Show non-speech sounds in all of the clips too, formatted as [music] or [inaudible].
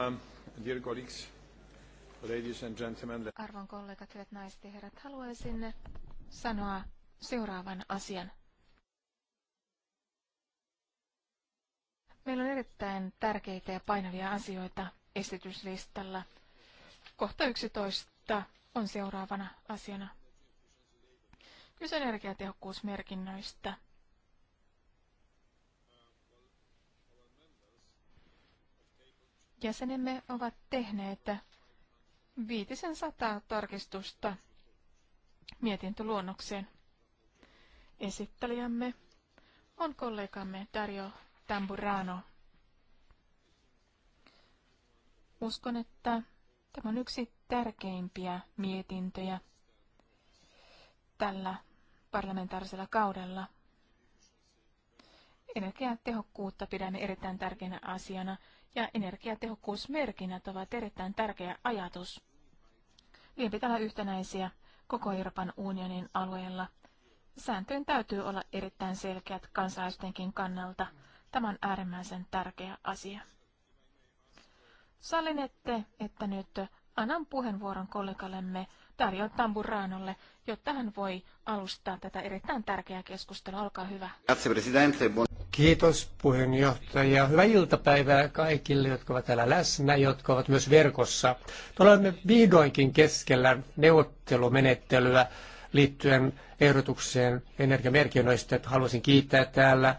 Um, Arvon kollegat, hyvät naiset ja herrat, haluaisin sanoa seuraavan asian. Meillä on erittäin tärkeitä ja painavia asioita esityslistalla. Kohta 11 on seuraavana asiana. Kyse energiatehokkuusmerkinnöistä. jäsenemme ovat tehneet viitisen sataa tarkistusta mietintöluonnokseen. Esittelijämme on kollegamme Dario Tamburano. Uskon, että tämä on yksi tärkeimpiä mietintöjä tällä parlamentaarisella kaudella. Energiatehokkuutta pidämme erittäin tärkeänä asiana ja energiatehokkuusmerkinnät ovat erittäin tärkeä ajatus. Niin pitää olla yhtenäisiä koko Euroopan unionin alueella. Sääntöjen täytyy olla erittäin selkeät kansalaistenkin kannalta. Tämä on äärimmäisen tärkeä asia. Sallinette, että nyt annan puheenvuoron kollegallemme Dario Tamburanolle, jotta hän voi alustaa tätä erittäin tärkeää keskustelua. Olkaa hyvä. Grazie, Presidente. Kiitos puheenjohtaja. Hyvää iltapäivää kaikille, jotka ovat täällä läsnä, jotka ovat myös verkossa. Olemme vihdoinkin keskellä neuvottelumenettelyä liittyen ehdotukseen energiamerkinnöistä. Haluaisin kiittää täällä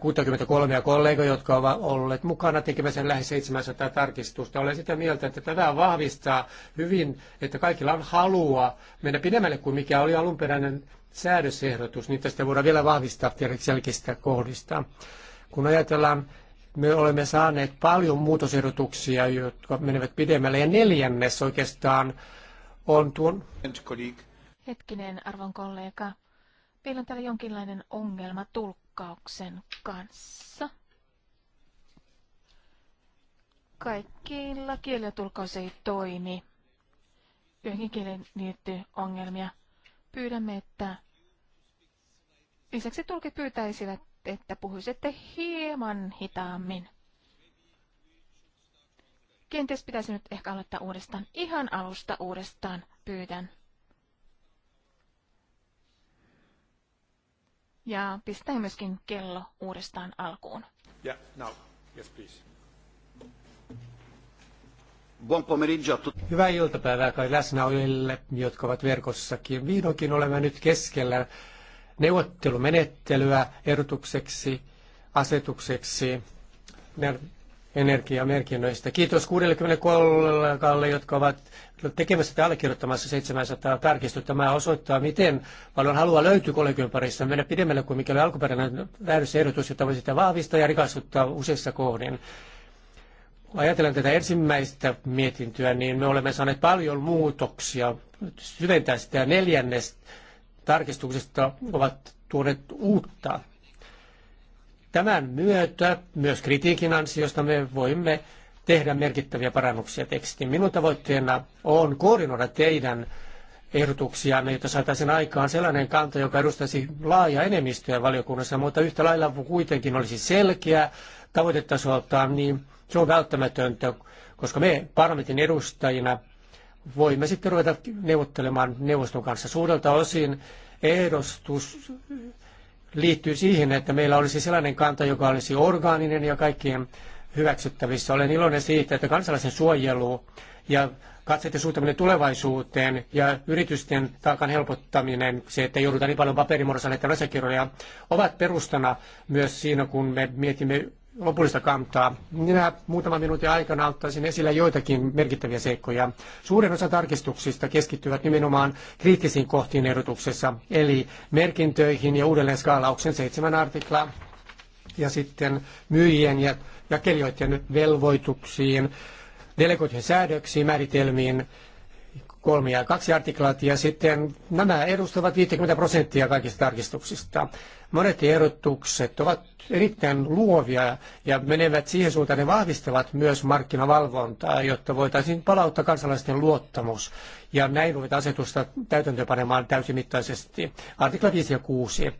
63 kollegaa, jotka ovat olleet mukana tekemässä lähes 700 tarkistusta. Olen sitä mieltä, että tämä vahvistaa hyvin, että kaikilla on halua mennä pidemmälle kuin mikä oli alunperäinen säädösehdotus, niin tästä voidaan vielä vahvistaa selkeistä kohdista. Kun ajatellaan, me olemme saaneet paljon muutosehdotuksia, jotka menevät pidemmälle, ja neljännes oikeastaan on tuon... Hetkinen, arvon kollega. Meillä on täällä jonkinlainen ongelma tulkkauksen kanssa. Kaikilla kielillä tulkkaus ei toimi. Yhdenkin kielen liittyy ongelmia pyydämme, että lisäksi tulkit pyytäisivät, että puhuisitte hieman hitaammin. Kenties pitäisi nyt ehkä aloittaa uudestaan. Ihan alusta uudestaan pyydän. Ja pistää myöskin kello uudestaan alkuun. Yeah, now. Yes, please. Buon pomeriggio a Hyvää iltapäivää kaikille läsnäolijoille, jotka ovat verkossakin. Vihdoinkin olemme nyt keskellä neuvottelumenettelyä ehdotukseksi, asetukseksi energiamerkinnöistä. Kiitos 63 kollegalle, jotka ovat tekemässä tai allekirjoittamassa 700 tarkistusta. Tämä osoittaa, miten paljon halua löytyy kollegion parissa mennä pidemmälle kuin mikä oli alkuperäinen väärysehdotus, jota voi sitä vahvistaa ja rikastuttaa useissa kohdin ajatellaan tätä ensimmäistä mietintöä, niin me olemme saaneet paljon muutoksia. Syventää sitä neljännestä tarkistuksesta ovat tuoneet uutta. Tämän myötä myös kritiikin ansiosta me voimme tehdä merkittäviä parannuksia tekstiin. Minun tavoitteena on koordinoida teidän ehdotuksia, jotta niin saataisiin aikaan sellainen kanta, joka edustaisi laajaa enemmistöä valiokunnassa, mutta yhtä lailla kuitenkin olisi selkeä tavoitetasoltaan, niin se on välttämätöntä, koska me parlamentin edustajina voimme sitten ruveta neuvottelemaan neuvoston kanssa. Suurelta osin ehdostus liittyy siihen, että meillä olisi sellainen kanta, joka olisi orgaaninen ja kaikkien hyväksyttävissä. Olen iloinen siitä, että kansalaisen suojelu ja katseiden suuntaminen tulevaisuuteen ja yritysten taakan helpottaminen, se, että joudutaan niin paljon paperimuodossa asiakirjoja, ovat perustana myös siinä, kun me mietimme lopullista kantaa. Minä muutaman minuutin aikana ottaisin esille joitakin merkittäviä seikkoja. Suurin osa tarkistuksista keskittyvät nimenomaan kriittisiin kohtiin ehdotuksessa, eli merkintöihin ja uudelleen skaalauksen seitsemän artiklaa, ja sitten myyjien ja jakelijoiden velvoituksiin delegoituihin säädöksiin, määritelmiin, kolme ja kaksi artiklaat, ja sitten nämä edustavat 50 prosenttia kaikista tarkistuksista. Monet ehdotukset ovat erittäin luovia ja menevät siihen suuntaan, ne vahvistavat myös markkinavalvontaa, jotta voitaisiin palauttaa kansalaisten luottamus. Ja näin ruveta asetusta täytäntöönpanemaan täysimittaisesti. Artikla 5 ja 6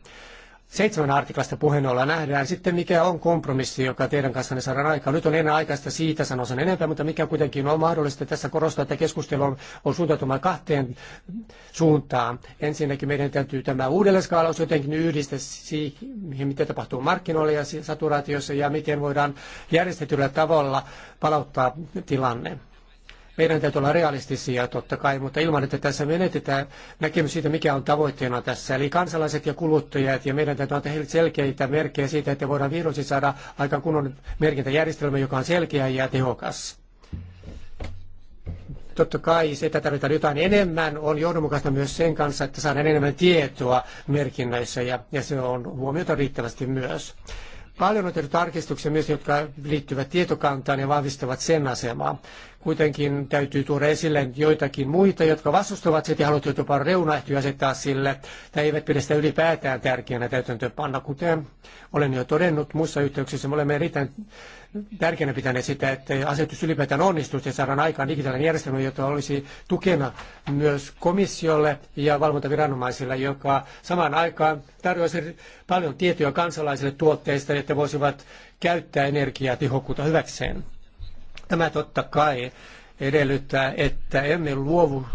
seitsemän artiklasta puheen olla nähdään sitten, mikä on kompromissi, joka teidän kanssanne saadaan aikaan. Nyt on enää aikaista siitä sanoa sen enempää, mutta mikä kuitenkin on mahdollista tässä korostaa, että keskustelu on, on suuntautumaan kahteen suuntaan. Ensinnäkin meidän täytyy tämä uudelleenskaalaus jotenkin yhdistää siihen, mitä tapahtuu markkinoilla ja saturaatiossa ja miten voidaan järjestetyllä tavalla palauttaa tilanne. Meidän täytyy olla realistisia totta kai, mutta ilman, että tässä menetetään näkemys siitä, mikä on tavoitteena tässä. Eli kansalaiset ja kuluttajat, ja meidän täytyy antaa heille selkeitä merkkejä siitä, että voidaan vihdoin saada aikaan kunnon merkintäjärjestelmä, joka on selkeä ja tehokas totta kai että tarvitaan jotain enemmän, on johdonmukaista myös sen kanssa, että saadaan enemmän tietoa merkinnöissä ja, ja se on huomiota riittävästi myös. Paljon on tehty tarkistuksia myös, jotka liittyvät tietokantaan ja vahvistavat sen asemaa. Kuitenkin täytyy tuoda esille joitakin muita, jotka vastustavat sitä ja haluavat jopa reunaehtoja asettaa sille, tai eivät pidä sitä ylipäätään tärkeänä täytäntöönpanna. Kuten olen jo todennut muissa yhteyksissä, me olemme erittäin tärkeänä pitäneet sitä, että asetus ylipäätään onnistuisi ja saadaan aikaan digitaalinen järjestelmä, jota olisi tukena myös komissiolle ja valvontaviranomaisille, joka samaan aikaan tarjoaisi paljon tietoja kansalaisille tuotteista, että voisivat käyttää energiatehokkuutta hyväkseen. Tämä totta kai edellyttää, että emme luovu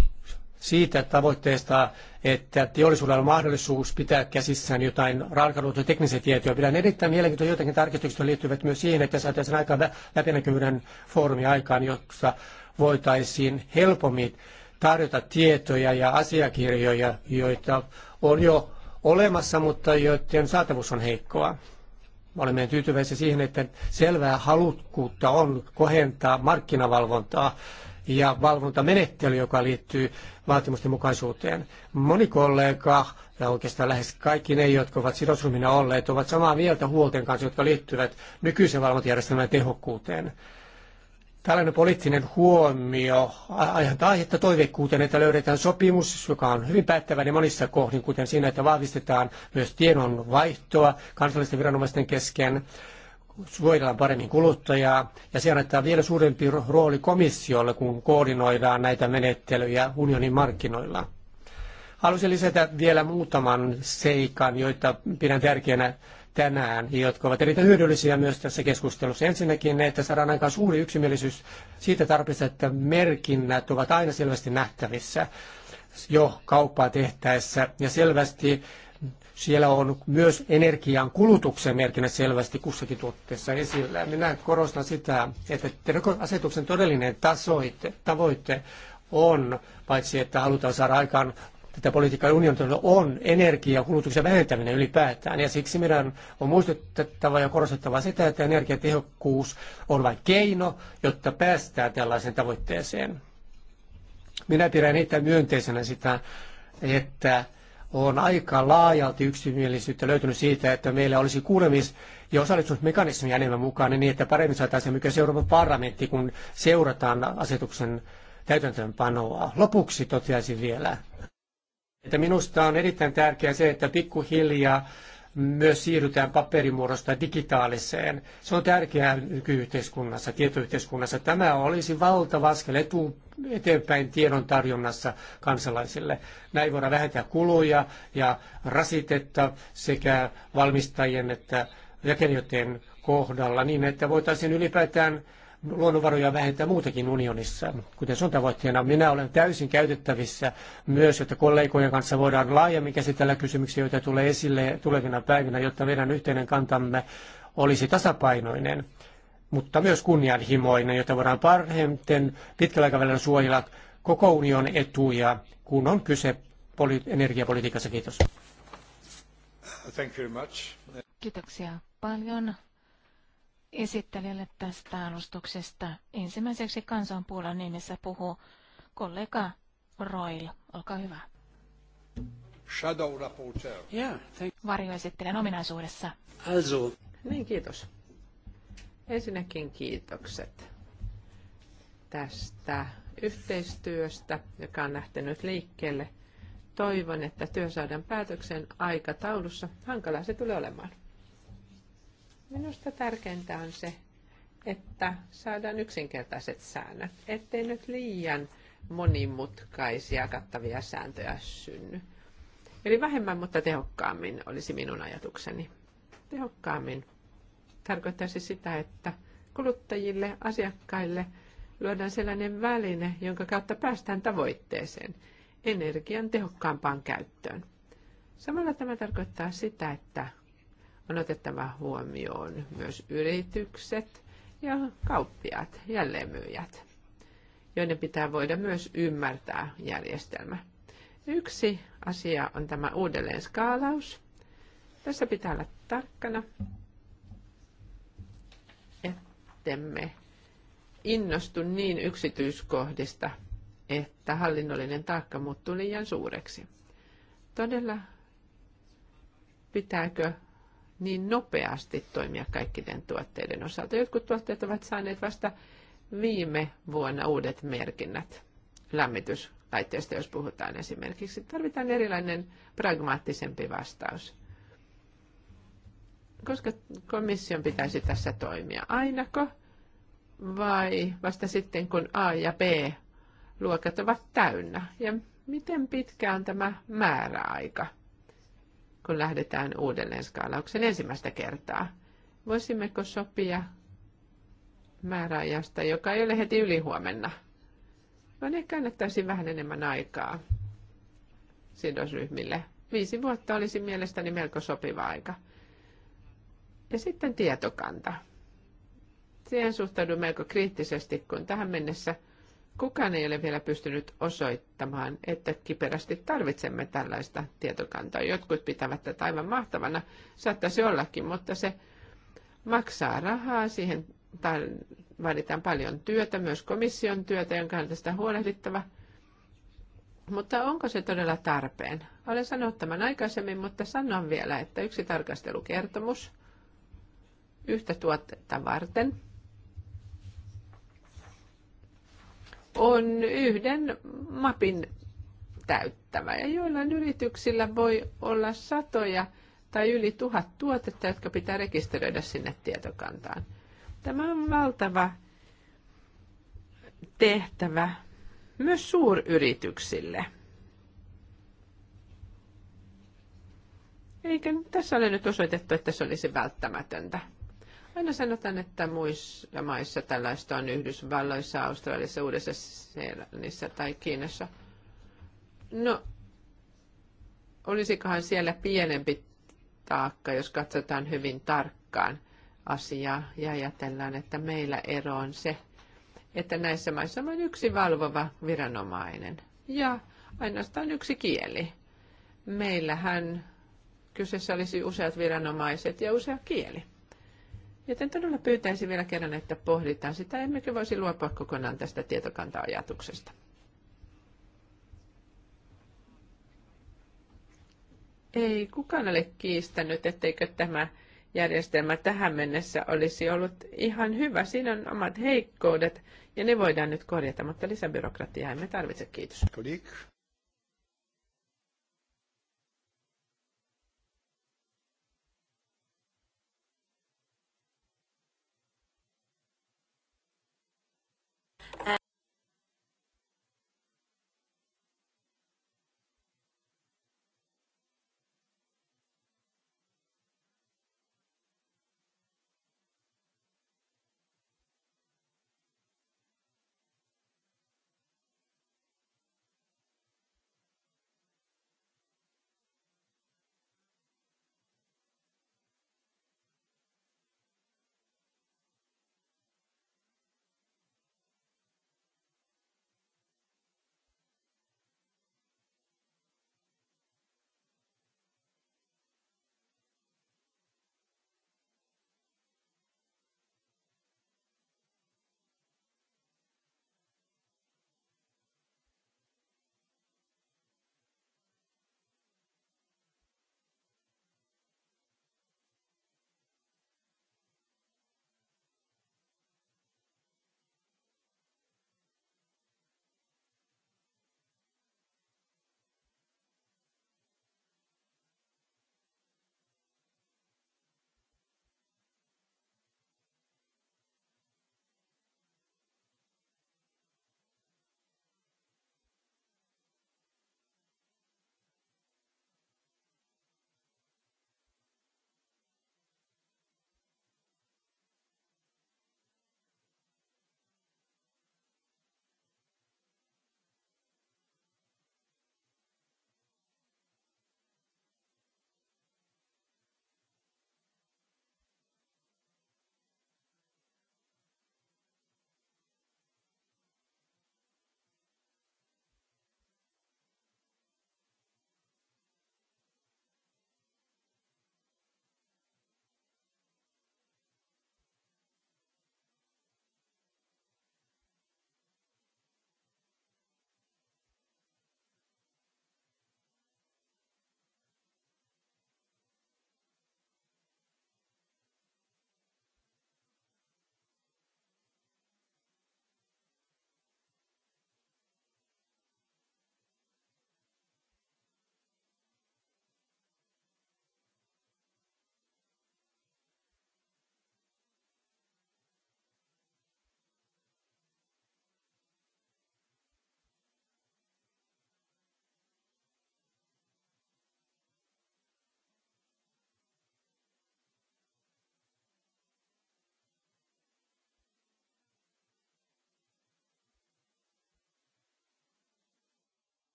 siitä tavoitteesta, että teollisuudella on mahdollisuus pitää käsissään jotain rankaluutua teknisiä tietoja. Pidän erittäin mielenkiintoisia joitakin tarkistuksia liittyvät myös siihen, että saataisiin aika läpinäkyvyyden foorumi aikaan, jossa voitaisiin helpommin tarjota tietoja ja asiakirjoja, joita on jo olemassa, mutta joiden saatavuus on heikkoa olemme tyytyväisiä siihen, että selvää halukkuutta on kohentaa markkinavalvontaa ja valvontamenettely, joka liittyy vaatimusten mukaisuuteen. Moni kollega, ja oikeastaan lähes kaikki ne, jotka ovat sidosryhminä olleet, ovat samaa mieltä huolten kanssa, jotka liittyvät nykyisen valvontajärjestelmän tehokkuuteen. Tällainen poliittinen huomio aiheuttaa aihetta toiveikkuuteen, että löydetään sopimus, joka on hyvin päättäväinen monissa kohdin, kuten siinä, että vahvistetaan myös tiedon vaihtoa kansallisten viranomaisten kesken, suojellaan paremmin kuluttajaa ja se annetaan vielä suurempi rooli komissiolle, kun koordinoidaan näitä menettelyjä unionin markkinoilla. Haluaisin lisätä vielä muutaman seikan, joita pidän tärkeänä tänään, jotka ovat erittäin hyödyllisiä myös tässä keskustelussa. Ensinnäkin, että saadaan aika suuri yksimielisyys siitä tarpeesta, että merkinnät ovat aina selvästi nähtävissä jo kauppaa tehtäessä. Ja selvästi siellä on myös energian kulutuksen merkinnät selvästi kussakin tuotteessa esillä. Minä korostan sitä, että asetuksen todellinen tasoite, tavoite on, paitsi että halutaan saada aikaan tätä politiikkaa unionilla on energiakulutuksen vähentäminen ylipäätään. Ja siksi meidän on muistutettava ja korostettava sitä, että energiatehokkuus on vain keino, jotta päästään tällaiseen tavoitteeseen. Minä pidän niitä myönteisenä sitä, että on aika laajalti yksimielisyyttä löytynyt siitä, että meillä olisi kuulemis- ja osallisuusmekanismia enemmän mukana niin, että paremmin saataisiin myös Euroopan parlamentti, kun seurataan asetuksen täytäntöönpanoa. Lopuksi toteaisin vielä, että minusta on erittäin tärkeää se, että pikkuhiljaa myös siirrytään paperimuodosta digitaaliseen. Se on tärkeää nykyyhteiskunnassa, tietoyhteiskunnassa. Tämä olisi valtava askel etu, eteenpäin tiedon tarjonnassa kansalaisille. Näin voidaan vähentää kuluja ja rasitetta sekä valmistajien että jakelijoiden kohdalla niin, että voitaisiin ylipäätään luonnonvaroja vähentää muutakin unionissa, kuten se on tavoitteena. Minä olen täysin käytettävissä myös, että kollegojen kanssa voidaan laajemmin käsitellä kysymyksiä, joita tulee esille tulevina päivinä, jotta meidän yhteinen kantamme olisi tasapainoinen, mutta myös kunnianhimoinen, jotta voidaan parhaiten pitkällä aikavälillä suojella koko unionin etuja, kun on kyse energiapolitiikassa. Kiitos. Kiitoksia paljon esittelijälle tästä alustuksesta. Ensimmäiseksi kansanpuolan nimessä puhuu kollega Roil. Olkaa hyvä. Shadow Rapporteur. Yeah, thank... Varjoesittelijän ominaisuudessa. Also. Niin, kiitos. Ensinnäkin kiitokset tästä yhteistyöstä, joka on lähtenyt liikkeelle. Toivon, että työ saadaan päätöksen aikataulussa. Hankalaa se tulee olemaan. Minusta tärkeintä on se, että saadaan yksinkertaiset säännöt, ettei nyt liian monimutkaisia kattavia sääntöjä synny. Eli vähemmän, mutta tehokkaammin olisi minun ajatukseni. Tehokkaammin tarkoittaisi sitä, että kuluttajille, asiakkaille luodaan sellainen väline, jonka kautta päästään tavoitteeseen, energian tehokkaampaan käyttöön. Samalla tämä tarkoittaa sitä, että on otettava huomioon myös yritykset ja kauppiaat, jälleenmyyjät, joiden pitää voida myös ymmärtää järjestelmä. Yksi asia on tämä uudelleen skaalaus. Tässä pitää olla tarkkana, ettemme innostu niin yksityiskohdista, että hallinnollinen taakka muuttuu liian suureksi. Todella pitääkö niin nopeasti toimia kaikkien tuotteiden osalta. Jotkut tuotteet ovat saaneet vasta viime vuonna uudet merkinnät lämmityslaitteista, jos puhutaan esimerkiksi. Tarvitaan erilainen pragmaattisempi vastaus. Koska komission pitäisi tässä toimia? Ainako vai vasta sitten, kun A ja B luokat ovat täynnä? Ja miten pitkä on tämä määräaika? kun lähdetään uudelleen skaalauksen ensimmäistä kertaa. Voisimmeko sopia määräajasta, joka ei ole heti ylihuomenna, vaan ehkä annettaisiin vähän enemmän aikaa sidosryhmille. Viisi vuotta olisi mielestäni melko sopiva aika. Ja sitten tietokanta. Siihen suhtaudun melko kriittisesti, kun tähän mennessä – Kukaan ei ole vielä pystynyt osoittamaan, että kiperästi tarvitsemme tällaista tietokantaa. Jotkut pitävät tätä aivan mahtavana, saattaisi ollakin, mutta se maksaa rahaa, siihen vaaditaan paljon työtä, myös komission työtä, jonka on tästä huolehdittava. Mutta onko se todella tarpeen? Olen sanonut tämän aikaisemmin, mutta sanon vielä, että yksi tarkastelukertomus yhtä tuotetta varten – on yhden mapin täyttävä. Ja joillain yrityksillä voi olla satoja tai yli tuhat tuotetta, jotka pitää rekisteröidä sinne tietokantaan. Tämä on valtava tehtävä myös suuryrityksille. Eikä tässä ole nyt osoitettu, että se olisi välttämätöntä. Aina sanotaan, että muissa maissa tällaista on Yhdysvalloissa, Australiassa, Uudessa Seelannissa tai Kiinassa. No, olisikohan siellä pienempi taakka, jos katsotaan hyvin tarkkaan asiaa ja ajatellaan, että meillä ero on se, että näissä maissa on vain yksi valvova viranomainen ja ainoastaan yksi kieli. Meillähän kyseessä olisi useat viranomaiset ja usea kieli. Joten todella pyytäisin vielä kerran, että pohditaan sitä, emmekö voisi luopua kokonaan tästä tietokanta-ajatuksesta. Ei kukaan ole kiistänyt, etteikö tämä järjestelmä tähän mennessä olisi ollut ihan hyvä. Siinä on omat heikkoudet ja ne voidaan nyt korjata, mutta lisäbyrokratiaa emme tarvitse. Kiitos.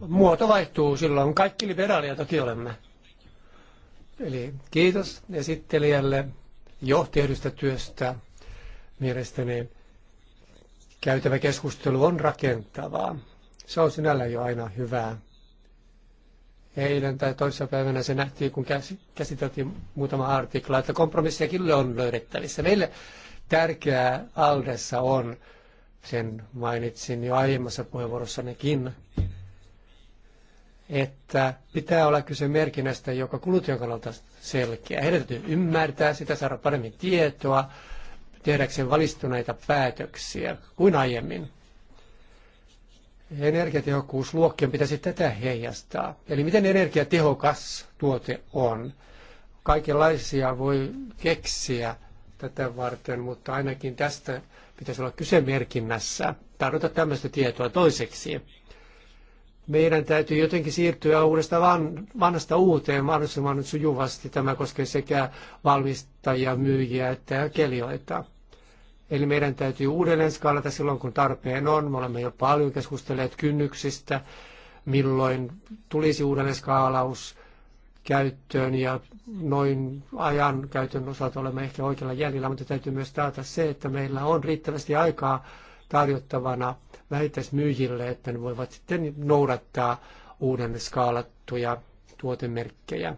Muoto vaihtuu silloin. Kaikki liberaalia toki olemme. Eli kiitos esittelijälle johtehdystä työstä. Mielestäni käytävä keskustelu on rakentavaa. Se on sinällä jo aina hyvää. Eilen tai päivänä se nähtiin, kun käsiteltiin muutama artikla, että kompromissiakin on löydettävissä. Meille tärkeää Aldessa on sen mainitsin jo aiemmassa puheenvuorossanikin, että pitää olla kyse merkinnästä, joka kuluttajan kannalta selkeä. Heidän täytyy ymmärtää sitä, saada paremmin tietoa, tehdäkseen valistuneita päätöksiä kuin aiemmin. Energiatehokkuusluokkien pitäisi tätä heijastaa. Eli miten energiatehokas tuote on. Kaikenlaisia voi keksiä tätä varten, mutta ainakin tästä pitäisi olla kysemerkinnässä, merkinnässä. Tarjota tämmöistä tietoa toiseksi. Meidän täytyy jotenkin siirtyä uudesta van, vanhasta uuteen mahdollisimman sujuvasti. Tämä koskee sekä valmistajia, myyjiä että kelioita. Eli meidän täytyy uudelleen skaalata silloin, kun tarpeen on. Me olemme jo paljon keskustelleet kynnyksistä, milloin tulisi uudelleen skaalaus – käyttöön ja noin ajan käytön osalta olemme ehkä oikealla jäljellä, mutta täytyy myös taata se, että meillä on riittävästi aikaa tarjottavana vähittäismyyjille, että ne voivat sitten noudattaa uuden skaalattuja tuotemerkkejä.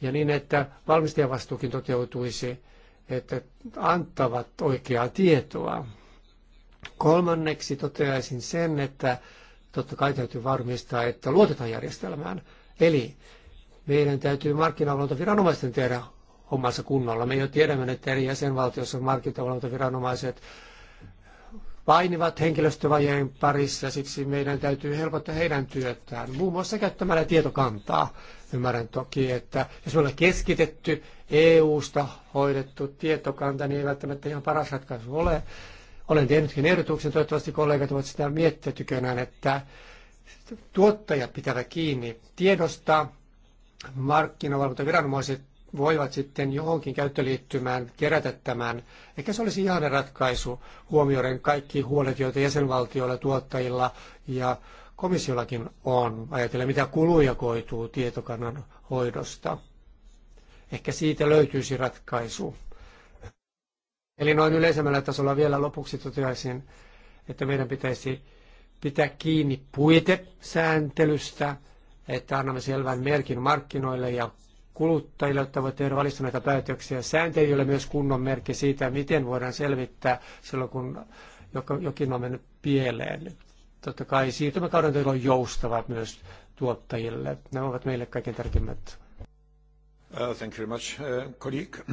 Ja niin, että valmistajavastuukin toteutuisi, että antavat oikeaa tietoa. Kolmanneksi toteaisin sen, että totta kai täytyy varmistaa, että luotetaan järjestelmään. Eli meidän täytyy markkinavalvontaviranomaisten tehdä hommansa kunnolla. Me jo tiedämme, että eri jäsenvaltioissa markkinavalvontaviranomaiset painivat henkilöstövajeen parissa, siksi meidän täytyy helpottaa heidän työtään, muun muassa käyttämällä tietokantaa. Ymmärrän toki, että jos me ollaan keskitetty EU-sta hoidettu tietokanta, niin ei välttämättä ihan paras ratkaisu ole. Olen tehnytkin ehdotuksen, toivottavasti kollegat ovat sitä miettiä tykönään, että tuottajat pitävät kiinni tiedosta, markkinavalvontaviranomaiset voivat sitten johonkin käyttöliittymään kerätä tämän. Ehkä se olisi ihan ratkaisu huomioiden kaikki huolet, joita jäsenvaltioilla, tuottajilla ja komissiollakin on. Ajatellen, mitä kuluja koituu tietokannan hoidosta. Ehkä siitä löytyisi ratkaisu. Eli noin yleisemmällä tasolla vielä lopuksi toteaisin, että meidän pitäisi pitää kiinni puitesääntelystä, että annamme selvän merkin markkinoille ja kuluttajille, jotta voi tehdä valistuneita päätöksiä. ole myös kunnon merkki siitä, miten voidaan selvittää silloin, kun jokin on mennyt pieleen. Totta kai siirtymäkauden teillä on joustava myös tuottajille. Nämä ovat meille kaikkein tärkeimmät. Uh, thank you very much, uh, colleague.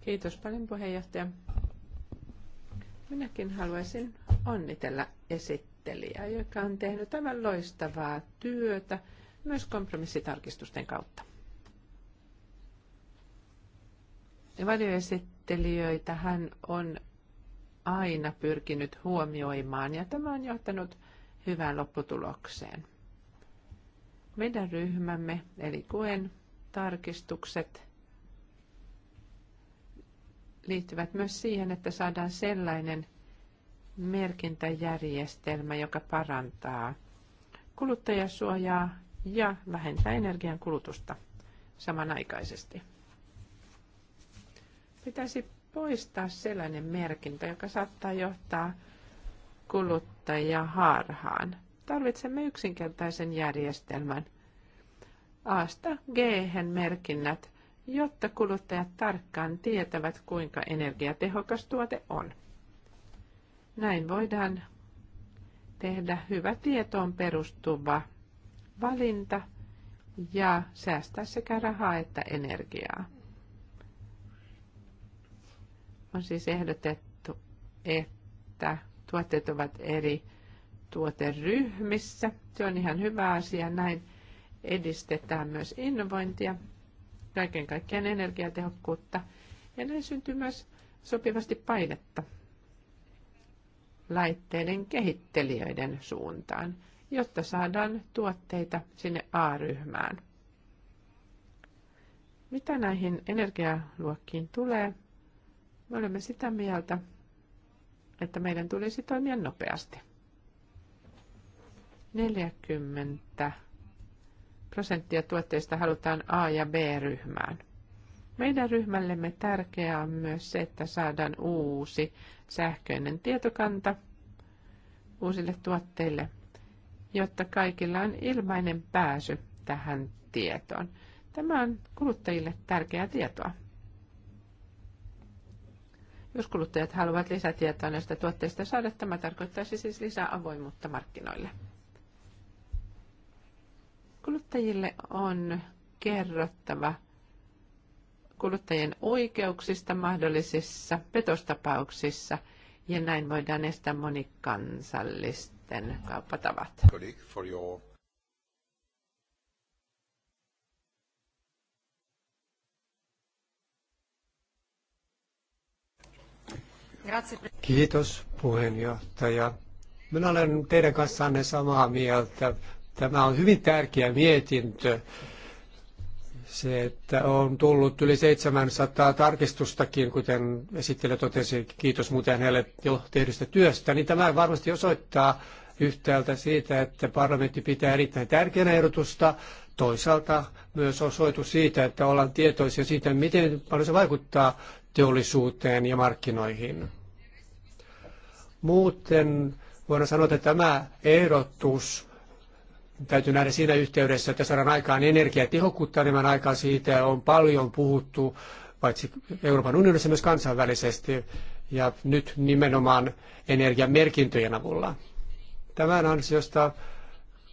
Kiitos paljon puheenjohtaja. Minäkin haluaisin onnitella esittelijää, joka on tehnyt aivan loistavaa työtä myös kompromissitarkistusten kautta. Varjoesittelijöitä hän on aina pyrkinyt huomioimaan ja tämä on johtanut hyvään lopputulokseen. Meidän ryhmämme, eli kuen tarkistukset, liittyvät myös siihen, että saadaan sellainen merkintäjärjestelmä, joka parantaa kuluttajasuojaa ja vähentää energian kulutusta samanaikaisesti. Pitäisi poistaa sellainen merkintä, joka saattaa johtaa kuluttajia harhaan. Tarvitsemme yksinkertaisen järjestelmän. Asta G-merkinnät jotta kuluttajat tarkkaan tietävät, kuinka energiatehokas tuote on. Näin voidaan tehdä hyvä tietoon perustuva valinta ja säästää sekä rahaa että energiaa. On siis ehdotettu, että tuotteet ovat eri tuoteryhmissä. Se on ihan hyvä asia. Näin edistetään myös innovointia kaiken kaikkiaan energiatehokkuutta. Ja näin syntyy myös sopivasti painetta laitteiden kehittelijöiden suuntaan, jotta saadaan tuotteita sinne A-ryhmään. Mitä näihin energialuokkiin tulee? Me olemme sitä mieltä, että meidän tulisi toimia nopeasti. 40 prosenttia tuotteista halutaan A- ja B-ryhmään. Meidän ryhmällemme tärkeää on myös se, että saadaan uusi sähköinen tietokanta uusille tuotteille, jotta kaikilla on ilmainen pääsy tähän tietoon. Tämä on kuluttajille tärkeää tietoa. Jos kuluttajat haluavat lisätietoa näistä tuotteista saada, tämä tarkoittaisi siis lisää avoimuutta markkinoille. Kuluttajille on kerrottava kuluttajien oikeuksista mahdollisissa petostapauksissa ja näin voidaan estää monikansallisten kauppatavat. Kiitos puheenjohtaja. Minä olen teidän kanssanne samaa mieltä Tämä on hyvin tärkeä mietintö. Se, että on tullut yli 700 tarkistustakin, kuten esittelijä totesi, kiitos muuten hänelle jo tehdystä työstä, niin tämä varmasti osoittaa yhtäältä siitä, että parlamentti pitää erittäin tärkeänä ehdotusta, toisaalta myös osoitus siitä, että ollaan tietoisia siitä, miten paljon se vaikuttaa teollisuuteen ja markkinoihin. Muuten voidaan sanoa, että tämä ehdotus täytyy nähdä siinä yhteydessä, että saadaan aikaan energiatehokkuutta enemmän aikaa. Siitä on paljon puhuttu, paitsi Euroopan unionissa myös kansainvälisesti, ja nyt nimenomaan energiamerkintöjen avulla. Tämän ansiosta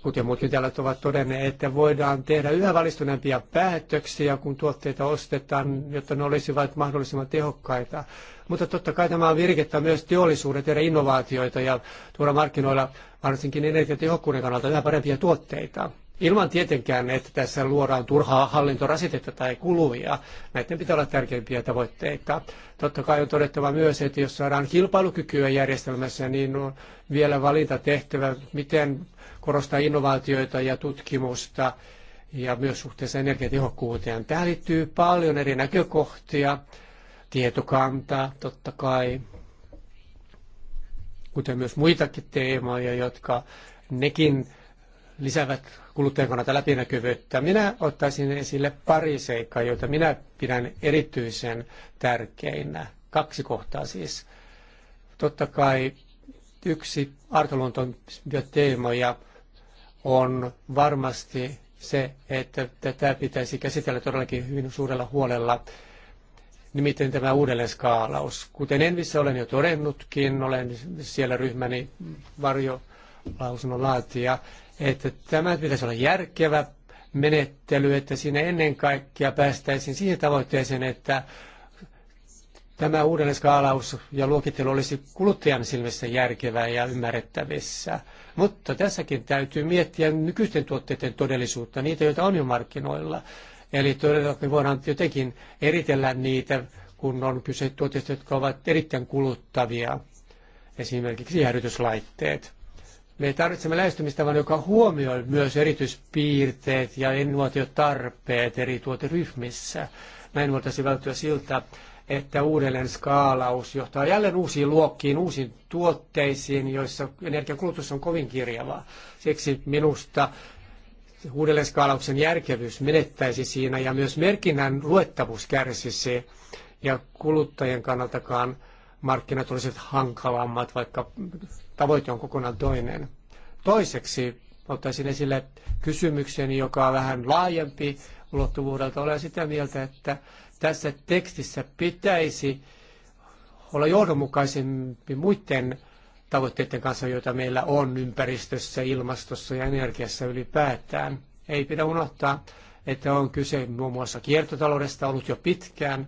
kuten muutkin täällä ovat todenneet, että voidaan tehdä yhä valistuneempia päätöksiä, kun tuotteita ostetaan, jotta ne olisivat mahdollisimman tehokkaita. Mutta totta kai tämä on virkettä myös teollisuuden tehdä innovaatioita ja tuoda markkinoilla varsinkin energiatehokkuuden kannalta yhä parempia tuotteita. Ilman tietenkään, että tässä luodaan turhaa hallintorasitetta tai kuluja. Näiden pitää olla tärkeimpiä tavoitteita. Totta kai on todettava myös, että jos saadaan kilpailukykyä järjestelmässä, niin on vielä valinta tehtävä, miten korostaa innovaatioita ja tutkimusta ja myös suhteessa energiatehokkuuteen. Tähän liittyy paljon eri näkökohtia, tietokanta totta kai, kuten myös muitakin teemoja, jotka nekin lisäävät kuluttajan kannalta läpinäkyvyyttä. Minä ottaisin esille pari seikkaa, joita minä pidän erityisen tärkeinä. Kaksi kohtaa siis. Totta kai yksi arkaluontoisia teemoja – on varmasti se, että tätä pitäisi käsitellä todellakin hyvin suurella huolella. Nimittäin tämä uudelleen skaalaus. Kuten Envissä olen jo todennutkin, olen siellä ryhmäni varjolausunnon laatija, että tämä pitäisi olla järkevä menettely, että siinä ennen kaikkea päästäisiin siihen tavoitteeseen, että tämä uudelleen skaalaus ja luokittelu olisi kuluttajan silmissä järkevää ja ymmärrettävissä. Mutta tässäkin täytyy miettiä nykyisten tuotteiden todellisuutta, niitä joita on jo markkinoilla. Eli todellakin voidaan jotenkin eritellä niitä, kun on kyse tuotteista, jotka ovat erittäin kuluttavia, esimerkiksi jäähdytyslaitteet. Me tarvitsemme lähestymistavan, joka huomioi myös erityispiirteet ja innovaatiotarpeet eri tuoteryhmissä. Näin voitaisiin välttyä siltä, että uudelleen skaalaus johtaa jälleen uusiin luokkiin, uusiin tuotteisiin, joissa energiakulutus on kovin kirjavaa. Siksi minusta uudelleen skaalauksen järkevyys menettäisi siinä ja myös merkinnän luettavuus kärsisi ja kuluttajien kannaltakaan markkinat olisivat hankalammat, vaikka tavoite on kokonaan toinen. Toiseksi ottaisin esille kysymyksen, joka on vähän laajempi ulottuvuudelta. Olen sitä mieltä, että tässä tekstissä pitäisi olla johdonmukaisempi muiden tavoitteiden kanssa, joita meillä on ympäristössä, ilmastossa ja energiassa ylipäätään. Ei pidä unohtaa, että on kyse muun muassa kiertotaloudesta ollut jo pitkään.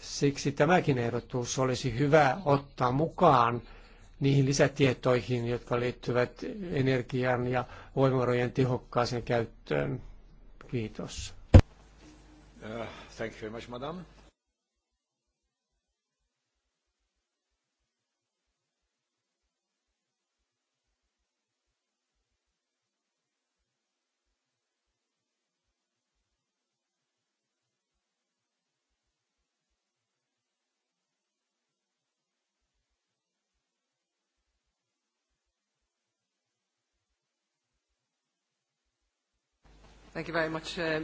Siksi tämäkin ehdotus olisi hyvä ottaa mukaan niihin lisätietoihin, jotka liittyvät energian ja voimavarojen tehokkaaseen käyttöön. Kiitos. Äh, Thank you very much, madam. Thank you very much. Uh,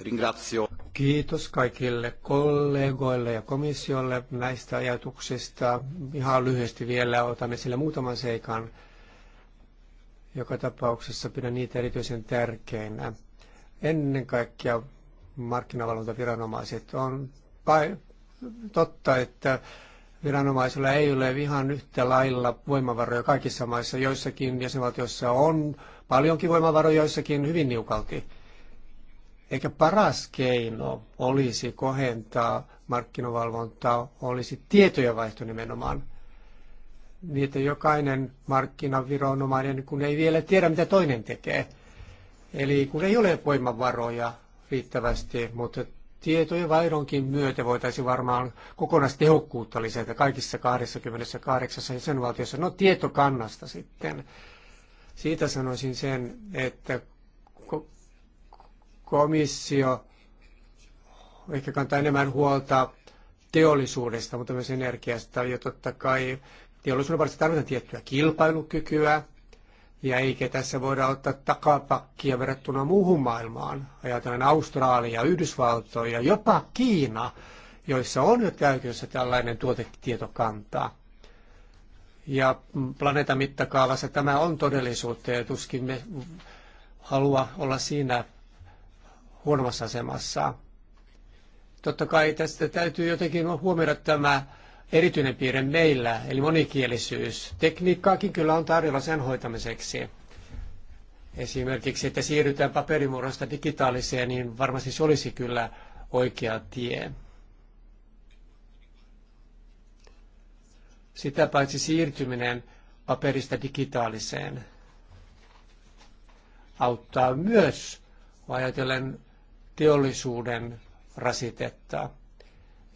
Ringrazio. Kiitos kaikille kollegoille ja komissiolle näistä ajatuksista. Ihan lyhyesti vielä otan esille muutaman seikan. Joka tapauksessa pidän niitä erityisen tärkeinä. Ennen kaikkea markkinavalvontaviranomaiset on totta, että viranomaisilla ei ole ihan yhtä lailla voimavaroja kaikissa maissa. Joissakin jäsenvaltioissa on paljonkin voimavaroja, joissakin hyvin niukalti Ehkä paras keino olisi kohentaa markkinavalvontaa, olisi tietojenvaihto nimenomaan. Niin, että jokainen markkinaviranomainen, kun ei vielä tiedä, mitä toinen tekee. Eli kun ei ole voimavaroja riittävästi, mutta tietojen vaihdonkin myötä voitaisiin varmaan kokonaistehokkuutta lisätä kaikissa 28 jäsenvaltiossa. No tietokannasta sitten. Siitä sanoisin sen, että komissio ehkä kantaa enemmän huolta teollisuudesta, mutta myös energiasta. Ja totta kai teollisuuden parissa tarvitaan tiettyä kilpailukykyä, ja eikä tässä voida ottaa takapakkia verrattuna muuhun maailmaan. Ajatellaan Australia, Yhdysvaltoja, jopa Kiina, joissa on jo käytössä tällainen tuotetietokanta. Ja planeetan mittakaavassa tämä on todellisuutta ja tuskin me halua olla siinä huonommassa asemassa. Totta kai tästä täytyy jotenkin huomioida tämä erityinen piirre meillä, eli monikielisyys. Tekniikkaakin kyllä on tarjolla sen hoitamiseksi. Esimerkiksi, että siirrytään paperimuodosta digitaaliseen, niin varmasti se olisi kyllä oikea tie. Sitä paitsi siirtyminen paperista digitaaliseen auttaa myös ajatellen teollisuuden rasitetta.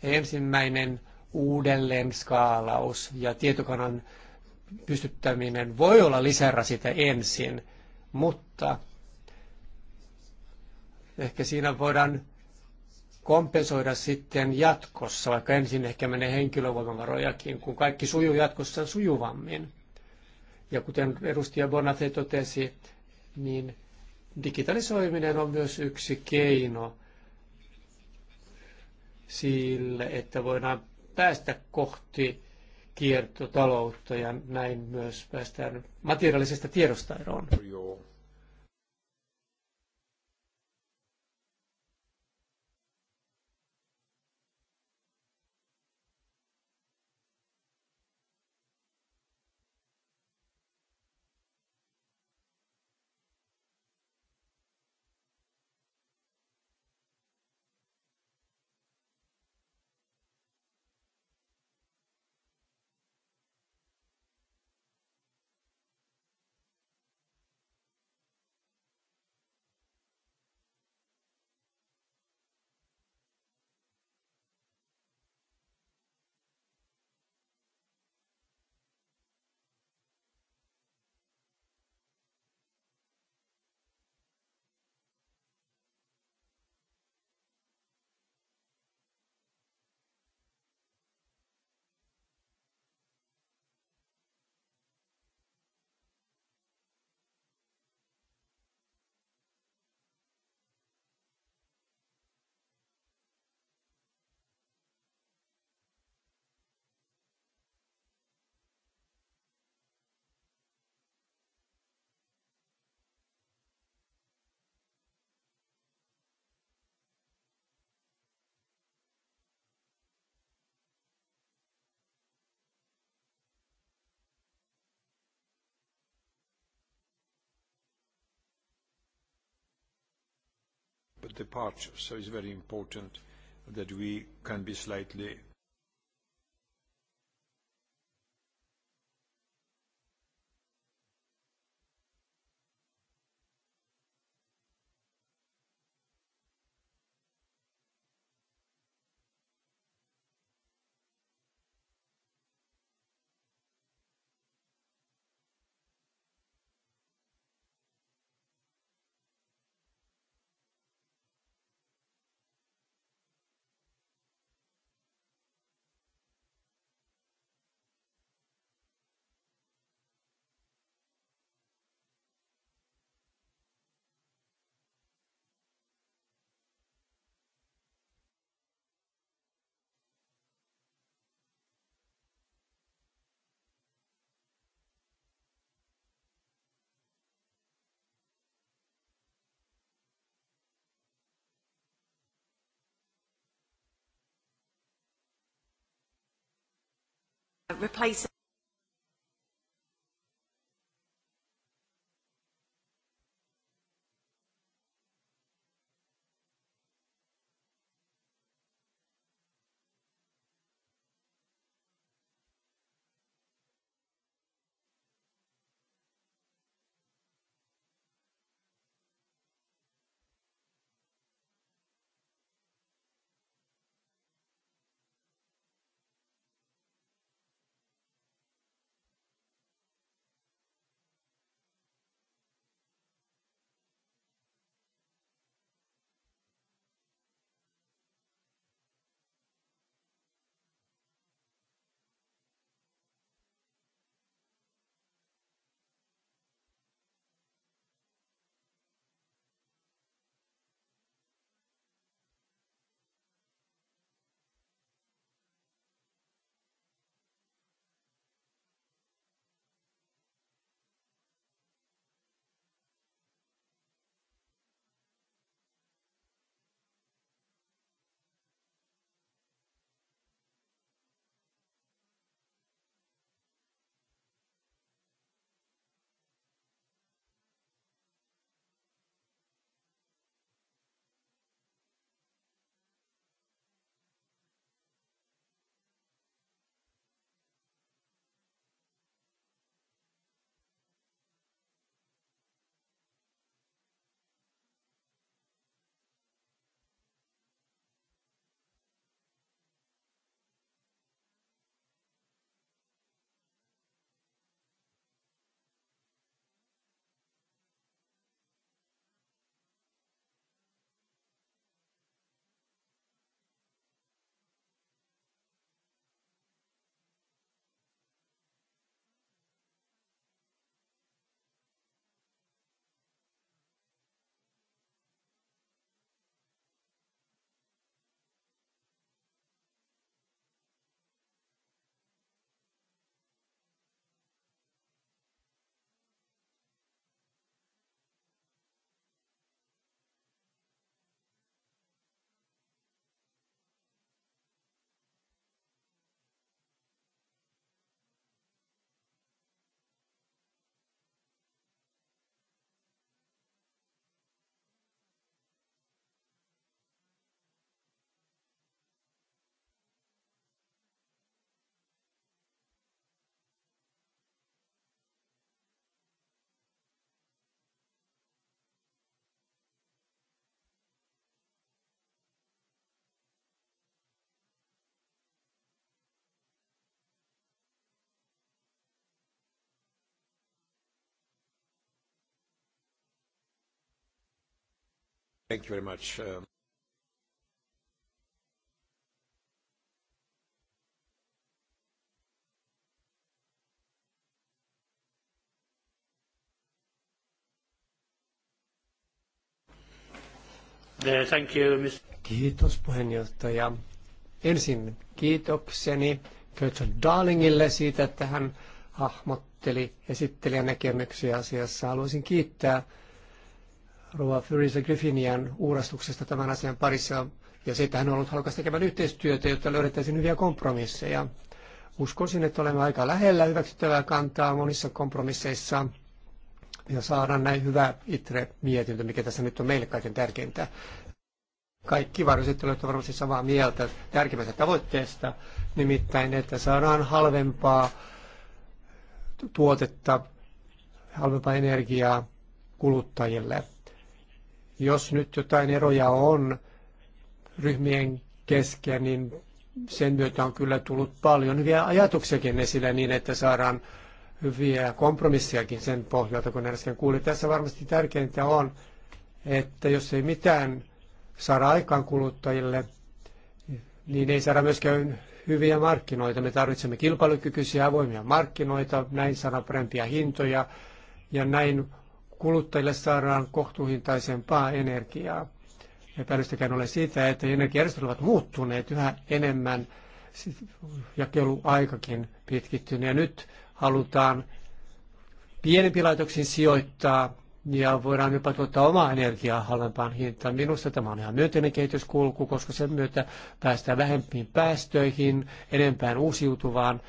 Ensimmäinen uudelleen skaalaus ja tietokannan pystyttäminen voi olla lisärasite ensin, mutta ehkä siinä voidaan kompensoida sitten jatkossa, vaikka ensin ehkä menee henkilövoimavarojakin, kun kaikki sujuu jatkossa sujuvammin. Ja kuten edustaja Bonate totesi, niin Digitalisoiminen on myös yksi keino sille, että voidaan päästä kohti kiertotaloutta ja näin myös päästään materiaalisesta tiedosta eroon. departure. So it's very important that we can be slightly replace Thank you very much. Um, thank you, Kiitos puheenjohtaja. Ensin kiitokseni Gertrude Darlingille siitä, että hän hahmotteli esittelijän näkemyksiä asiassa. Haluaisin kiittää Rova Fyrisa Griffinian uurastuksesta tämän asian parissa ja se, että hän on ollut halukas tekemään yhteistyötä, jotta löydettäisiin hyviä kompromisseja. Uskoisin, että olemme aika lähellä hyväksyttävää kantaa monissa kompromisseissa ja saadaan näin hyvä itre mietintö, mikä tässä nyt on meille kaiken tärkeintä. Kaikki varjoesittelijät ovat varmasti samaa mieltä tärkeimmästä tavoitteesta, nimittäin, että saadaan halvempaa tuotetta, halvempaa energiaa kuluttajille – jos nyt jotain eroja on ryhmien kesken, niin sen myötä on kyllä tullut paljon hyviä ajatuksiakin esille niin, että saadaan hyviä kompromissiakin sen pohjalta, kun äsken kuulin. Tässä varmasti tärkeintä on, että jos ei mitään saada aikaan kuluttajille, niin ei saada myöskään hyviä markkinoita. Me tarvitsemme kilpailukykyisiä avoimia markkinoita, näin saada parempia hintoja ja näin kuluttajille saadaan kohtuuhintaisempaa energiaa. Epäilystäkään ole siitä, että energiajärjestelmät ovat muuttuneet yhä enemmän, siis jakeluaikakin pitkittynyt. Ja nyt halutaan pienempiin laitoksiin sijoittaa ja voidaan jopa tuottaa omaa energiaa halvempaan hintaan. Minusta tämä on ihan myönteinen kehityskulku, koska sen myötä päästään vähempiin päästöihin, enempään uusiutuvaan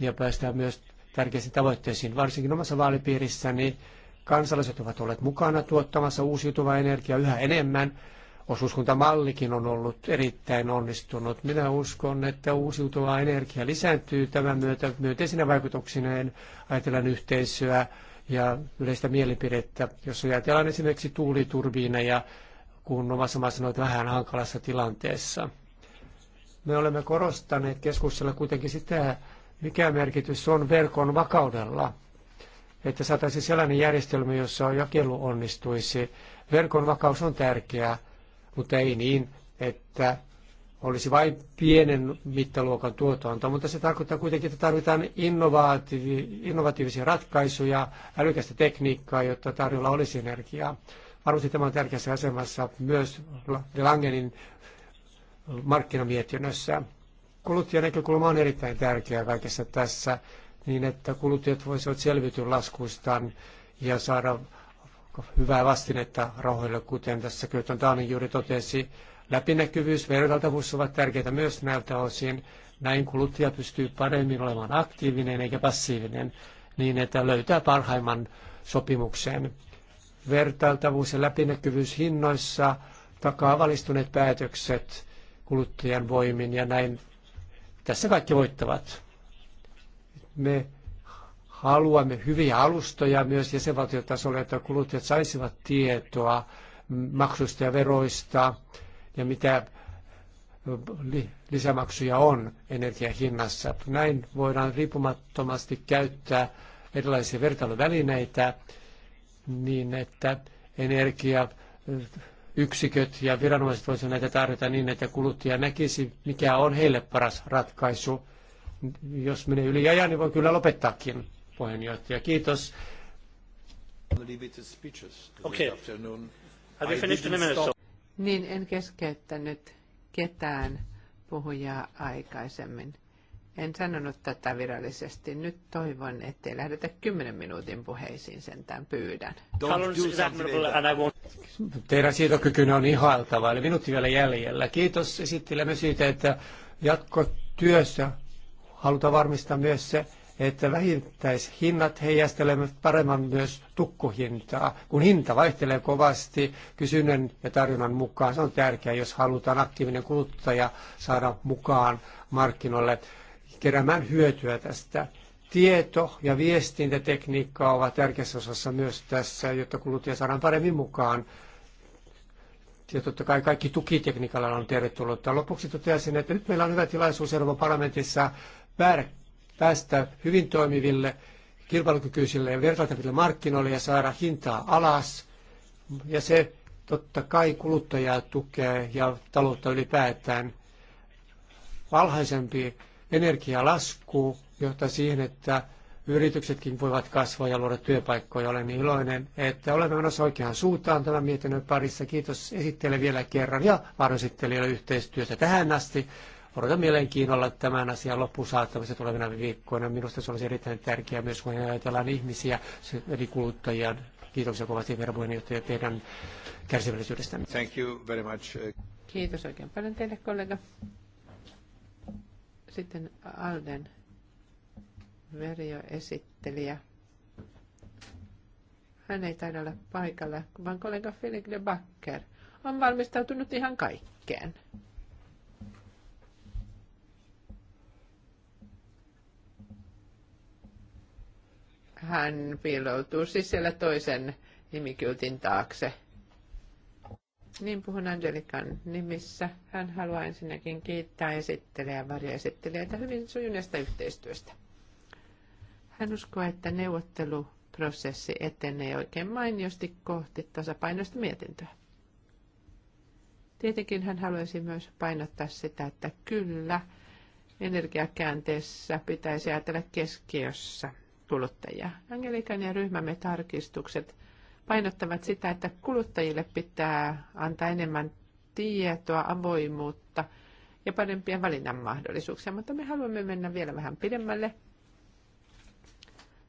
ja päästään myös tärkeisiin tavoitteisiin. Varsinkin omassa vaalipiirissäni Kansalaiset ovat olleet mukana tuottamassa uusiutuvaa energiaa yhä enemmän. Osuuskuntamallikin on ollut erittäin onnistunut. Minä uskon, että uusiutuva energia lisääntyy tämän myötä myönteisinä vaikutuksineen Ajatellaan yhteisöä ja yleistä mielipidettä. Jos ajatellaan esimerkiksi tuuliturbiineja, kun omassa maassa olet vähän hankalassa tilanteessa. Me olemme korostaneet keskustella kuitenkin sitä, mikä merkitys on verkon vakaudella että saataisiin sellainen järjestelmä, jossa jakelu onnistuisi. Verkon vakaus on tärkeää, mutta ei niin, että olisi vain pienen mittaluokan tuotanto, mutta se tarkoittaa kuitenkin, että tarvitaan innovaati- innovatiivisia ratkaisuja, älykästä tekniikkaa, jotta tarjolla olisi energiaa. Varmasti tämä on tärkeässä asemassa myös De Langenin markkinamietinnössä. Kuluttajan näkökulma on erittäin tärkeä kaikessa tässä niin että kuluttajat voisivat selviytyä laskuistaan ja saada hyvää vastinetta rahoille, kuten tässä Kyoton Daanin juuri totesi. Läpinäkyvyys, vertailtavuus ovat tärkeitä myös näiltä osin. Näin kuluttaja pystyy paremmin olemaan aktiivinen eikä passiivinen, niin että löytää parhaimman sopimuksen. Vertailtavuus ja läpinäkyvyys hinnoissa takaa valistuneet päätökset kuluttajan voimin ja näin tässä kaikki voittavat. Me haluamme hyviä alustoja myös jäsenvaltiotasolla, että kuluttajat saisivat tietoa maksuista ja veroista ja mitä lisämaksuja on energiahinnassa. Näin voidaan riippumattomasti käyttää erilaisia vertailuvälineitä niin, että energia yksiköt ja viranomaiset voisivat näitä tarjota niin, että kuluttaja näkisi, mikä on heille paras ratkaisu. Jos menee yli ajan, niin voi kyllä lopettaakin, puheenjohtaja. Kiitos. Okay. Niin, en keskeyttänyt ketään puhujaa aikaisemmin. En sanonut tätä virallisesti. Nyt toivon, ettei lähdetä kymmenen minuutin puheisiin sentään pyydän. Teidän sietokykynne on ihailtava, eli minuutti vielä jäljellä. Kiitos esittelemme siitä, että jatkotyössä Halutaan varmistaa myös se, että vähittäishinnat heijastelevat paremmin myös tukkuhintaa. Kun hinta vaihtelee kovasti kysynnän ja tarjonnan mukaan, se on tärkeää, jos halutaan aktiivinen kuluttaja saada mukaan markkinoille keräämään hyötyä tästä. Tieto- ja viestintätekniikka ovat tärkeässä osassa myös tässä, jotta kuluttaja saadaan paremmin mukaan. Ja totta kai kaikki tukitekniikalla on tervetullut. Lopuksi toteaisin, että nyt meillä on hyvä tilaisuus Euroopan parlamentissa päästä hyvin toimiville, kilpailukykyisille ja vertailtaville markkinoille ja saada hintaa alas. Ja se totta kai kuluttajaa tukee ja taloutta ylipäätään. Alhaisempi energialasku johtaa siihen, että yrityksetkin voivat kasvaa ja luoda työpaikkoja. Olen niin iloinen, että olemme menossa oikeaan suuntaan tämän mietinnön parissa. Kiitos esittele vielä kerran ja varjosittelijöille yhteistyöstä tähän asti. Odotan mielenkiinnolla tämän asian loppuun saattamisen tulevina viikkoina. Minusta se olisi erittäin tärkeää myös, kun ajatellaan ihmisiä, eli kuluttajia. Kiitoksia kovasti herra puheenjohtaja teidän kärsivällisyydestä. Thank you very much. Kiitos oikein paljon teille kollega. Sitten Alden varjoesittelijä. Hän ei taida olla paikalla, vaan kollega Felix de Backer on valmistautunut ihan kaikkeen. hän piiloutuu siis siellä toisen nimikyltin taakse. Niin puhun Angelikan nimissä. Hän haluaa ensinnäkin kiittää esittelijä ja varjoesittelijöitä hyvin sujuneesta yhteistyöstä. Hän uskoo, että neuvotteluprosessi etenee oikein mainiosti kohti tasapainoista mietintöä. Tietenkin hän haluaisi myös painottaa sitä, että kyllä, energiakäänteessä pitäisi ajatella keskiössä kuluttajia. Angelikan ja ryhmämme tarkistukset painottavat sitä, että kuluttajille pitää antaa enemmän tietoa, avoimuutta ja parempia valinnan mahdollisuuksia, mutta me haluamme mennä vielä vähän pidemmälle.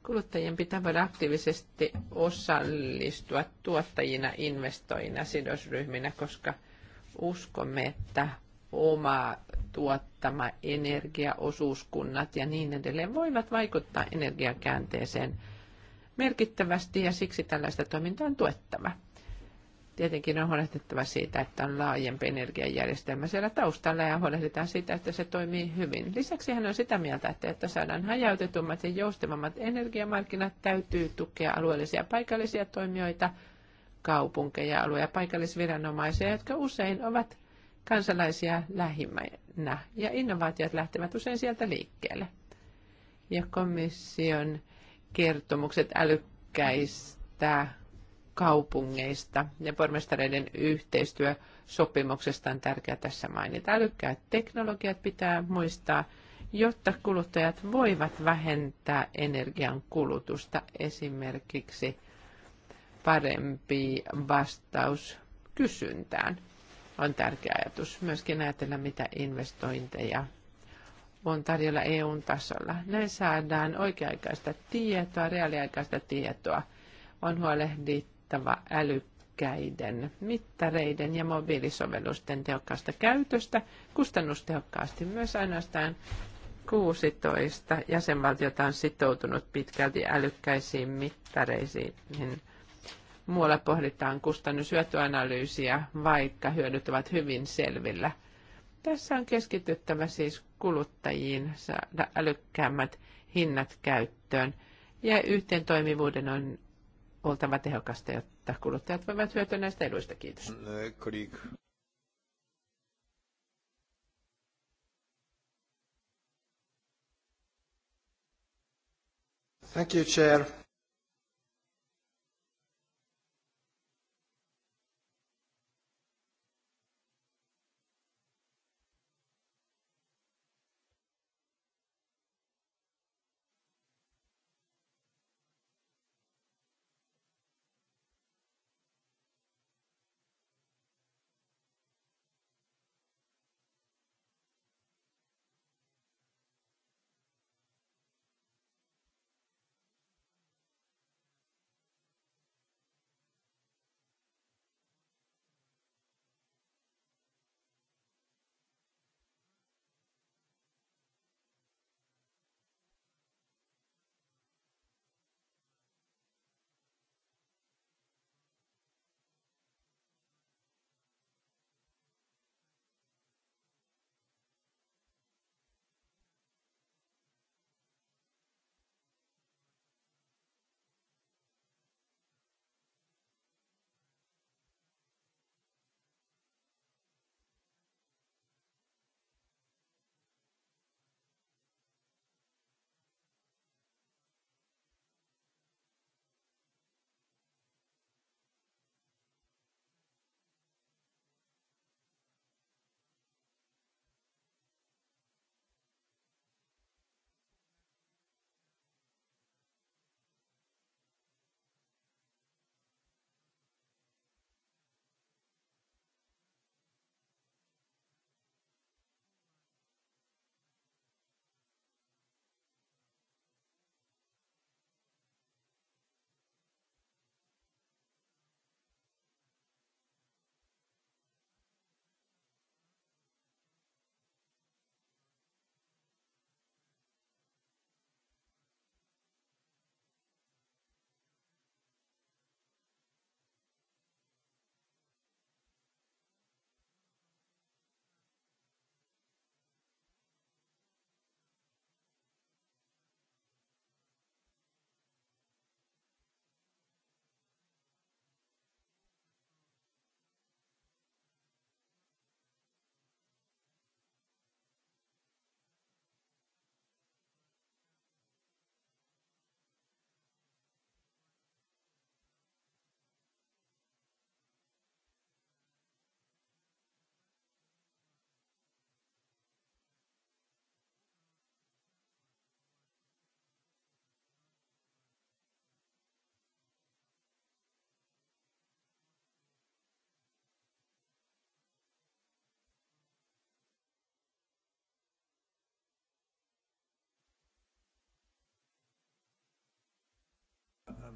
Kuluttajien pitää voida aktiivisesti osallistua tuottajina, investoina, sidosryhminä, koska uskomme, että oma tuottama energia, osuuskunnat ja niin edelleen voivat vaikuttaa energiakäänteeseen merkittävästi ja siksi tällaista toimintaa on tuettava. Tietenkin on huolehdittava siitä, että on laajempi energiajärjestelmä siellä taustalla ja huolehditaan siitä, että se toimii hyvin. Lisäksi hän on sitä mieltä, että, että saadaan hajautetummat ja joustavammat energiamarkkinat täytyy tukea alueellisia ja paikallisia toimijoita, kaupunkeja, alue- ja paikallisviranomaisia, jotka usein ovat kansalaisia lähimmänä ja innovaatiot lähtevät usein sieltä liikkeelle. Ja komission kertomukset älykkäistä kaupungeista ja pormestareiden yhteistyösopimuksesta on tärkeää tässä mainita. Älykkäät teknologiat pitää muistaa, jotta kuluttajat voivat vähentää energian kulutusta esimerkiksi parempi vastaus kysyntään on tärkeä ajatus. Myöskin ajatella, mitä investointeja on tarjolla EUn tasolla. Näin saadaan oikea-aikaista tietoa, reaaliaikaista tietoa. On huolehdittava älykkäiden mittareiden ja mobiilisovellusten tehokkaasta käytöstä, kustannustehokkaasti myös ainoastaan 16 jäsenvaltiota on sitoutunut pitkälti älykkäisiin mittareisiin muualla pohditaan kustannushyötyanalyysiä, vaikka hyödyt ovat hyvin selvillä. Tässä on keskityttävä siis kuluttajiin saada älykkäämmät hinnat käyttöön ja yhteen toimivuuden on oltava tehokasta, jotta kuluttajat voivat hyötyä näistä eduista. Kiitos. Thank you, Chair.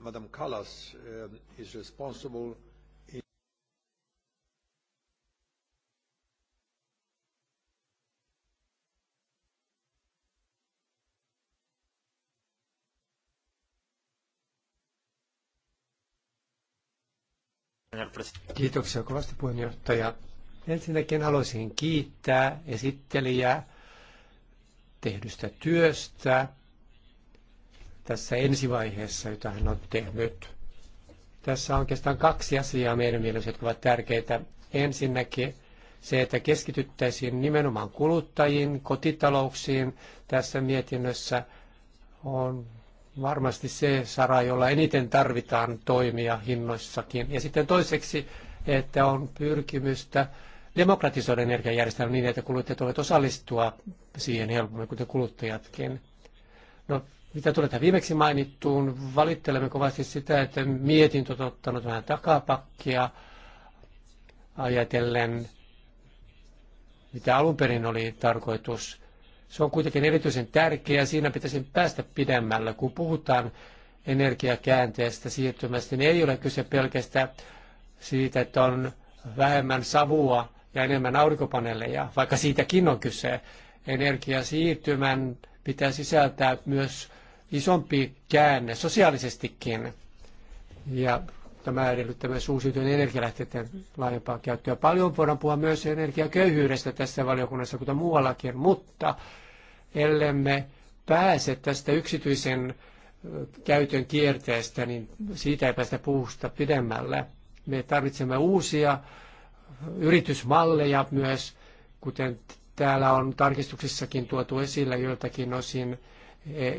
Madam Callas um, is responsible in Kiitoksia kovasti puheenjohtaja. Ensinnäkin haluaisin kiittää esittelijää tehdystä työstä tässä ensivaiheessa, jota hän on tehnyt. Tässä on oikeastaan kaksi asiaa meidän mielessä, jotka ovat tärkeitä. Ensinnäkin se, että keskityttäisiin nimenomaan kuluttajiin, kotitalouksiin tässä mietinnössä on varmasti se sara, jolla eniten tarvitaan toimia hinnoissakin. Ja sitten toiseksi, että on pyrkimystä demokratisoida energiajärjestelmä niin, että kuluttajat voivat osallistua siihen helpommin, kuten kuluttajatkin. No, mitä tulee tähän viimeksi mainittuun, valittelemme kovasti sitä, että mietintö on ottanut vähän takapakkia ajatellen, mitä alun perin oli tarkoitus. Se on kuitenkin erityisen tärkeää, siinä pitäisi päästä pidemmälle, Kun puhutaan energiakäänteestä, siirtymästä, niin ei ole kyse pelkästään siitä, että on vähemmän savua ja enemmän aurinkopaneeleja, vaikka siitäkin on kyse. Energiasiirtymän pitää sisältää myös isompi käänne sosiaalisestikin. Ja tämä edellyttää myös uusiutuvien energialähteiden laajempaa käyttöä. Paljon voidaan puhua myös energiaköyhyydestä tässä valiokunnassa, kuten muuallakin, mutta ellemme pääse tästä yksityisen käytön kierteestä, niin siitä ei päästä puusta pidemmälle. Me tarvitsemme uusia yritysmalleja myös, kuten täällä on tarkistuksissakin tuotu esille joiltakin osin e,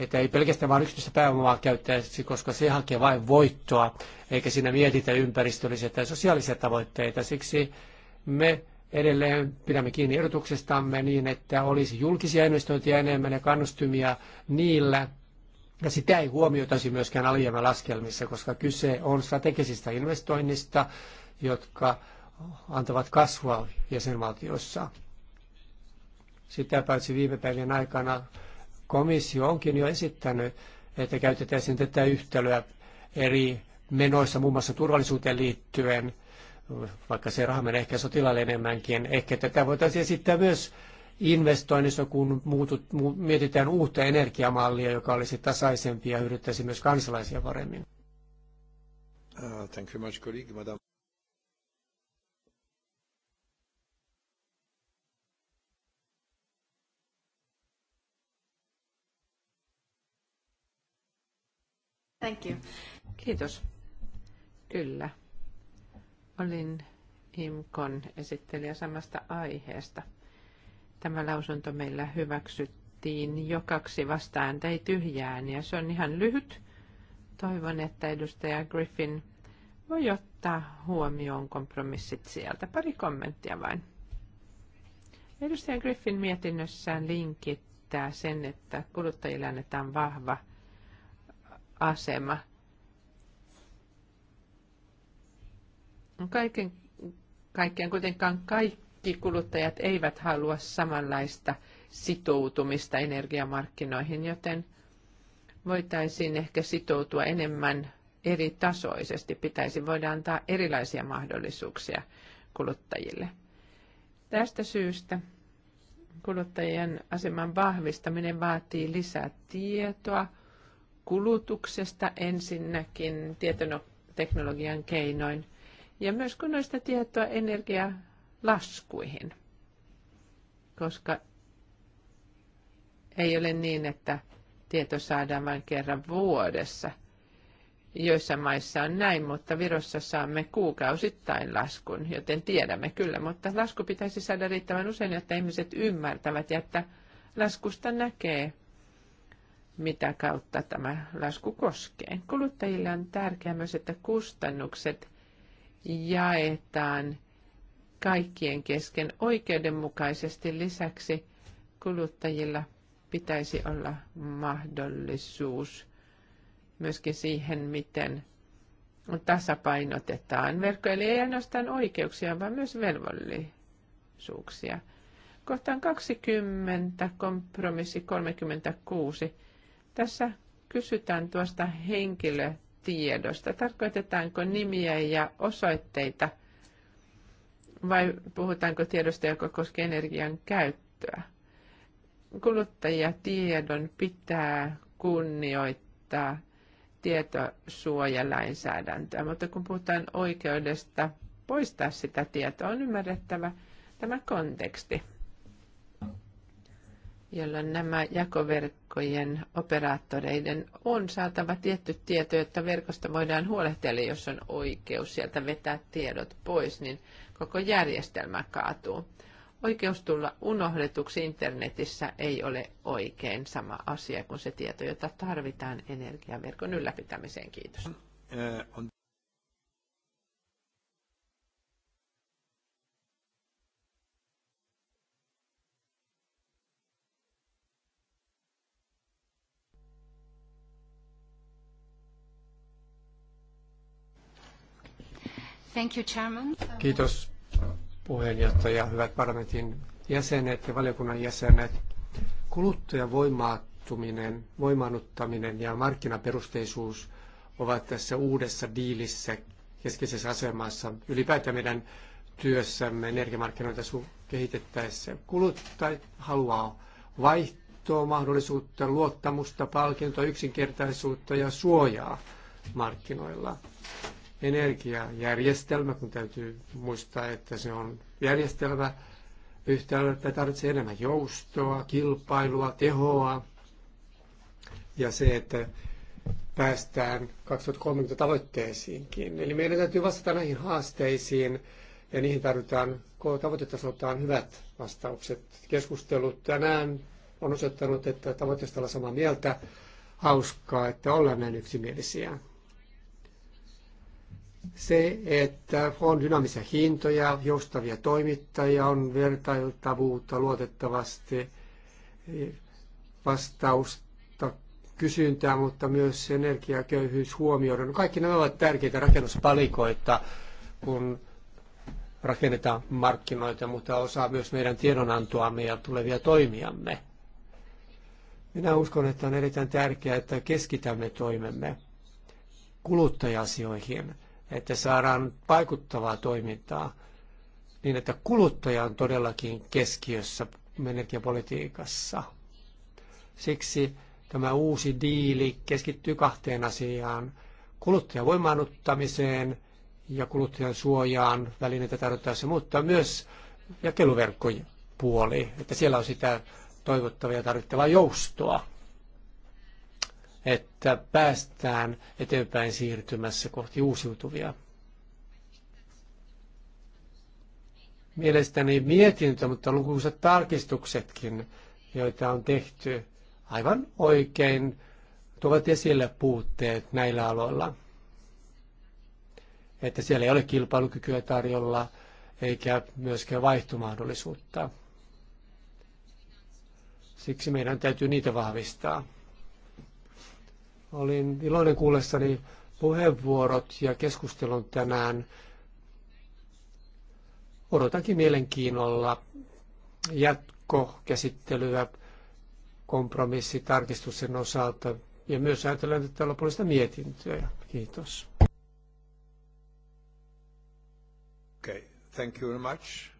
että ei pelkästään vain yksityistä pääomaa käyttäisi, koska se hakee vain voittoa, eikä siinä mietitä ympäristöllisiä tai sosiaalisia tavoitteita. Siksi me edelleen pidämme kiinni erotuksestamme niin, että olisi julkisia investointeja enemmän ja kannustumia niillä, ja sitä ei huomioitaisi myöskään alijäämälaskelmissa, koska kyse on strategisista investoinnista, jotka antavat kasvua jäsenvaltiossa. Sitä paitsi viime päivien aikana Komissio onkin jo esittänyt, että käytettäisiin tätä yhtälöä eri menoissa, muun muassa turvallisuuteen liittyen, vaikka se raha menee ehkä sotilaalle enemmänkin. Ehkä tätä voitaisiin esittää myös investoinnissa, kun muutut, mu, mietitään uutta energiamallia, joka olisi tasaisempi ja hyödyttäisi myös kansalaisia paremmin. Uh, thank you much, colleague, Thank you. Kiitos. Kyllä. Olin IMKon esittelijä samasta aiheesta. Tämä lausunto meillä hyväksyttiin jo kaksi vastaan tai tyhjään ja se on ihan lyhyt. Toivon, että edustaja Griffin voi ottaa huomioon kompromissit sieltä. Pari kommenttia vain. Edustaja Griffin mietinnössään linkittää sen, että kuluttajille annetaan vahva – asema. Kaiken kaikkiaan kuitenkaan kaikki kuluttajat eivät halua samanlaista sitoutumista energiamarkkinoihin, joten voitaisiin ehkä sitoutua enemmän eri tasoisesti. Pitäisi voida antaa erilaisia mahdollisuuksia kuluttajille. Tästä syystä kuluttajien aseman vahvistaminen vaatii lisää tietoa, kulutuksesta ensinnäkin tietoteknologian keinoin ja myös kun noista tietoa energialaskuihin, koska ei ole niin, että tieto saadaan vain kerran vuodessa. Joissain maissa on näin, mutta Virossa saamme kuukausittain laskun, joten tiedämme kyllä, mutta lasku pitäisi saada riittävän usein, jotta ihmiset ymmärtävät ja että laskusta näkee mitä kautta tämä lasku koskee. Kuluttajille on tärkeää myös, että kustannukset jaetaan kaikkien kesken oikeudenmukaisesti. Lisäksi kuluttajilla pitäisi olla mahdollisuus myöskin siihen, miten tasapainotetaan verkkoja, eli ei ainoastaan oikeuksia, vaan myös velvollisuuksia. Kohtaan 20, kompromissi 36 tässä kysytään tuosta henkilötiedosta. Tarkoitetaanko nimiä ja osoitteita vai puhutaanko tiedosta, joka koskee energian käyttöä? Kuluttajatiedon pitää kunnioittaa tietosuojalainsäädäntöä, mutta kun puhutaan oikeudesta poistaa sitä tietoa, on ymmärrettävä tämä konteksti jolloin nämä jakoverkkojen operaattoreiden on saatava tietty tieto, jotta verkosta voidaan huolehtia, eli jos on oikeus sieltä vetää tiedot pois, niin koko järjestelmä kaatuu. Oikeus tulla unohdetuksi internetissä ei ole oikein sama asia kuin se tieto, jota tarvitaan energiaverkon ylläpitämiseen. Kiitos. Eh, Thank you, Chairman. Kiitos puheenjohtaja, hyvät parlamentin jäsenet ja valiokunnan jäsenet. Kuluttajan voimaattuminen, voimaannuttaminen ja markkinaperusteisuus ovat tässä uudessa diilissä keskeisessä asemassa ylipäätään meidän työssämme energiamarkkinoita kehitettäessä. Kuluttaja haluaa vaihtoa, mahdollisuutta, luottamusta, palkintoa, yksinkertaisuutta ja suojaa markkinoilla energiajärjestelmä, kun täytyy muistaa, että se on järjestelmä että tarvitsee enemmän joustoa, kilpailua, tehoa ja se, että päästään 2030 tavoitteisiinkin. Eli meidän täytyy vastata näihin haasteisiin ja niihin tarvitaan tavoitetasoltaan hyvät vastaukset. Keskustelut tänään on osoittanut, että tavoitteesta olla samaa mieltä. Hauskaa, että ollaan näin yksimielisiä se, että on dynaamisia hintoja, joustavia toimittajia, on vertailtavuutta luotettavasti, eh, vastausta kysyntää, mutta myös energiaköyhyys huomioidaan. No, kaikki nämä ovat tärkeitä rakennuspalikoita, kun rakennetaan markkinoita, mutta osaa myös meidän tiedonantoamme ja tulevia toimijamme. Minä uskon, että on erittäin tärkeää, että keskitämme toimemme kuluttaja-asioihin – että saadaan vaikuttavaa toimintaa niin, että kuluttaja on todellakin keskiössä energiapolitiikassa. Siksi tämä uusi diili keskittyy kahteen asiaan. Kuluttajan voimaannuttamiseen ja kuluttajan suojaan välineitä tarvittaessa, mutta myös jakeluverkkojen puoli, että siellä on sitä toivottavaa ja tarvittavaa joustoa että päästään eteenpäin siirtymässä kohti uusiutuvia. Mielestäni mietintö, mutta lukuisat tarkistuksetkin, joita on tehty aivan oikein, tuovat esille puutteet näillä aloilla. Että siellä ei ole kilpailukykyä tarjolla eikä myöskään vaihtomahdollisuutta. Siksi meidän täytyy niitä vahvistaa. Olin iloinen kuullessani puheenvuorot ja keskustelun tänään. Odotankin mielenkiinnolla jatkokäsittelyä kompromissitarkistuksen osalta ja myös ajatellen tätä lopullista mietintöä. Kiitos. Okay, thank you very much.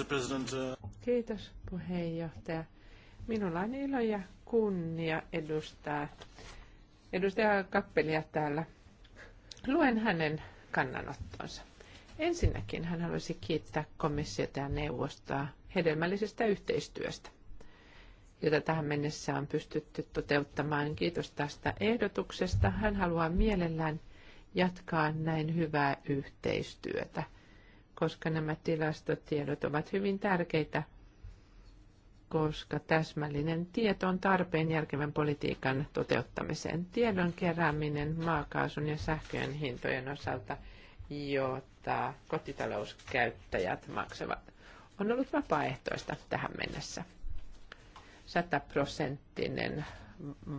Uh, Kiitos puheenjohtaja. Minulla on ilo ja kunnia edustaa edustaja Kappelia täällä. Luen hänen kannanottonsa. Ensinnäkin hän haluaisi kiittää komissiota ja neuvostoa hedelmällisestä yhteistyöstä, jota tähän mennessä on pystytty toteuttamaan. Kiitos tästä ehdotuksesta. Hän haluaa mielellään jatkaa näin hyvää yhteistyötä – koska nämä tilastotiedot ovat hyvin tärkeitä, koska täsmällinen tieto on tarpeen järkevän politiikan toteuttamiseen. Tiedon kerääminen maakaasun ja sähköjen hintojen osalta, jota kotitalouskäyttäjät maksavat, on ollut vapaaehtoista tähän mennessä. prosenttinen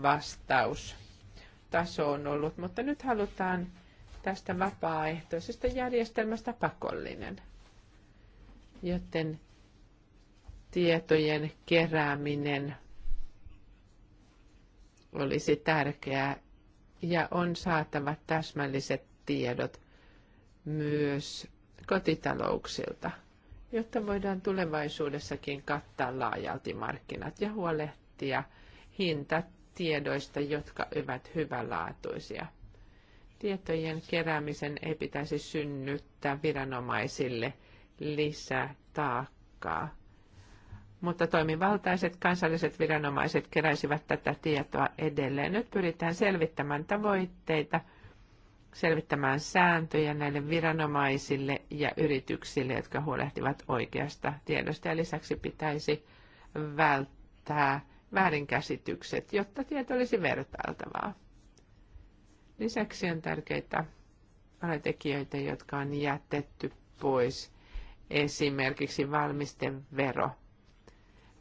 vastaus taso on ollut, mutta nyt halutaan tästä vapaaehtoisesta järjestelmästä pakollinen. Joten tietojen kerääminen olisi tärkeää ja on saatava täsmälliset tiedot myös kotitalouksilta, jotta voidaan tulevaisuudessakin kattaa laajalti markkinat ja huolehtia hintatiedoista, jotka ovat hyvänlaatuisia – tietojen keräämisen ei pitäisi synnyttää viranomaisille lisää taakkaa. Mutta toimivaltaiset kansalliset viranomaiset keräisivät tätä tietoa edelleen. Nyt pyritään selvittämään tavoitteita, selvittämään sääntöjä näille viranomaisille ja yrityksille, jotka huolehtivat oikeasta tiedosta. Ja lisäksi pitäisi välttää väärinkäsitykset, jotta tieto olisi vertailtavaa. Lisäksi on tärkeitä tekijöitä, jotka on jätetty pois, esimerkiksi vero.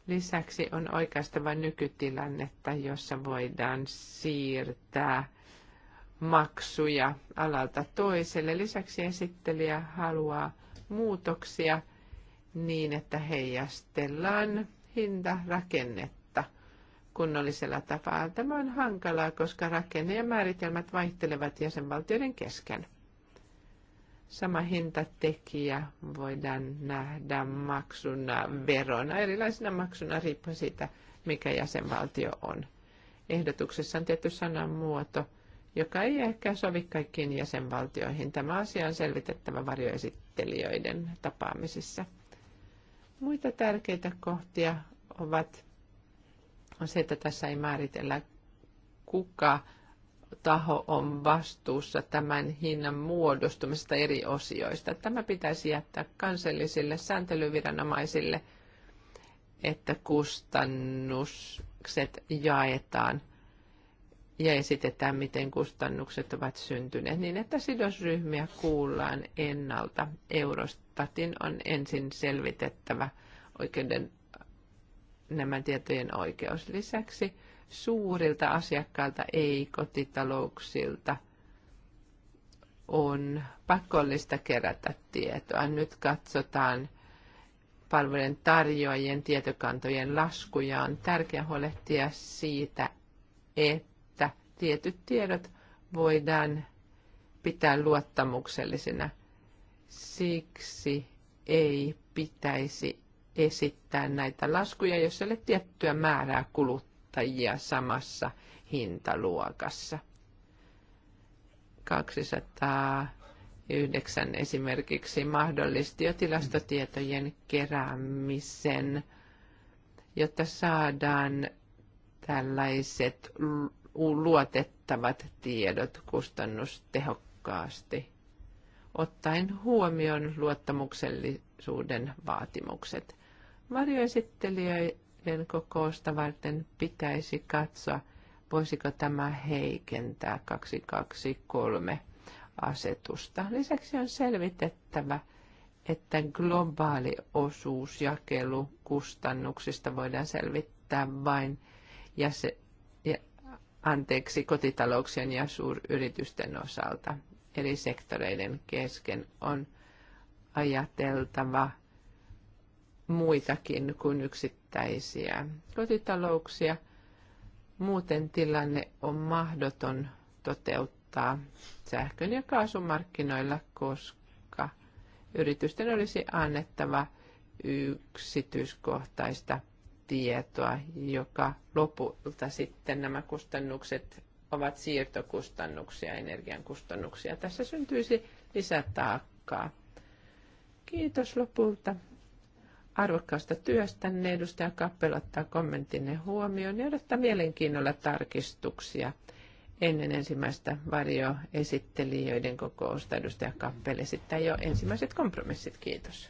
Lisäksi on oikeastava nykytilannetta, jossa voidaan siirtää maksuja alalta toiselle. Lisäksi esittelijä haluaa muutoksia niin, että heijastellaan hintarakennetta kunnollisella tapaa. Tämä on hankalaa, koska rakenne ja määritelmät vaihtelevat jäsenvaltioiden kesken. Sama hintatekijä voidaan nähdä maksuna verona, erilaisena maksuna riippuen siitä, mikä jäsenvaltio on. Ehdotuksessa on tietty sanamuoto, joka ei ehkä sovi kaikkiin jäsenvaltioihin. Tämä asia on selvitettävä varjoesittelijöiden tapaamisissa. Muita tärkeitä kohtia ovat on se, että tässä ei määritellä kuka taho on vastuussa tämän hinnan muodostumisesta eri osioista. Tämä pitäisi jättää kansallisille sääntelyviranomaisille, että kustannukset jaetaan ja esitetään, miten kustannukset ovat syntyneet, niin että sidosryhmiä kuullaan ennalta. Eurostatin on ensin selvitettävä oikeuden nämä tietojen oikeus. Lisäksi suurilta asiakkailta, ei kotitalouksilta, on pakollista kerätä tietoa. Nyt katsotaan palvelujen tarjoajien tietokantojen laskuja. On tärkeää huolehtia siitä, että tietyt tiedot voidaan pitää luottamuksellisina. Siksi ei pitäisi esittää näitä laskuja, jos ei ole tiettyä määrää kuluttajia samassa hintaluokassa. 209 esimerkiksi mahdollisti jo tilastotietojen keräämisen, jotta saadaan tällaiset luotettavat tiedot kustannustehokkaasti, ottaen huomioon luottamuksellisuuden vaatimukset. Varjoesittelijöiden kokousta varten pitäisi katsoa, voisiko tämä heikentää 223 asetusta. Lisäksi on selvitettävä, että globaali osuus jakelukustannuksista voidaan selvittää vain ja se, ja, anteeksi, kotitalouksien ja suuryritysten osalta. Eri sektoreiden kesken on ajateltava muitakin kuin yksittäisiä kotitalouksia. Muuten tilanne on mahdoton toteuttaa sähkön ja kaasumarkkinoilla, koska yritysten olisi annettava yksityiskohtaista tietoa, joka lopulta sitten nämä kustannukset ovat siirtokustannuksia, energian kustannuksia. Tässä syntyisi lisätaakkaa. Kiitos lopulta arvokkaasta työstänne. Edustaja Kappel ottaa kommenttinne huomioon ja odottaa mielenkiinnolla tarkistuksia ennen ensimmäistä varjoesittelijöiden kokousta. Edustaja Kappel esittää jo ensimmäiset kompromissit. Kiitos.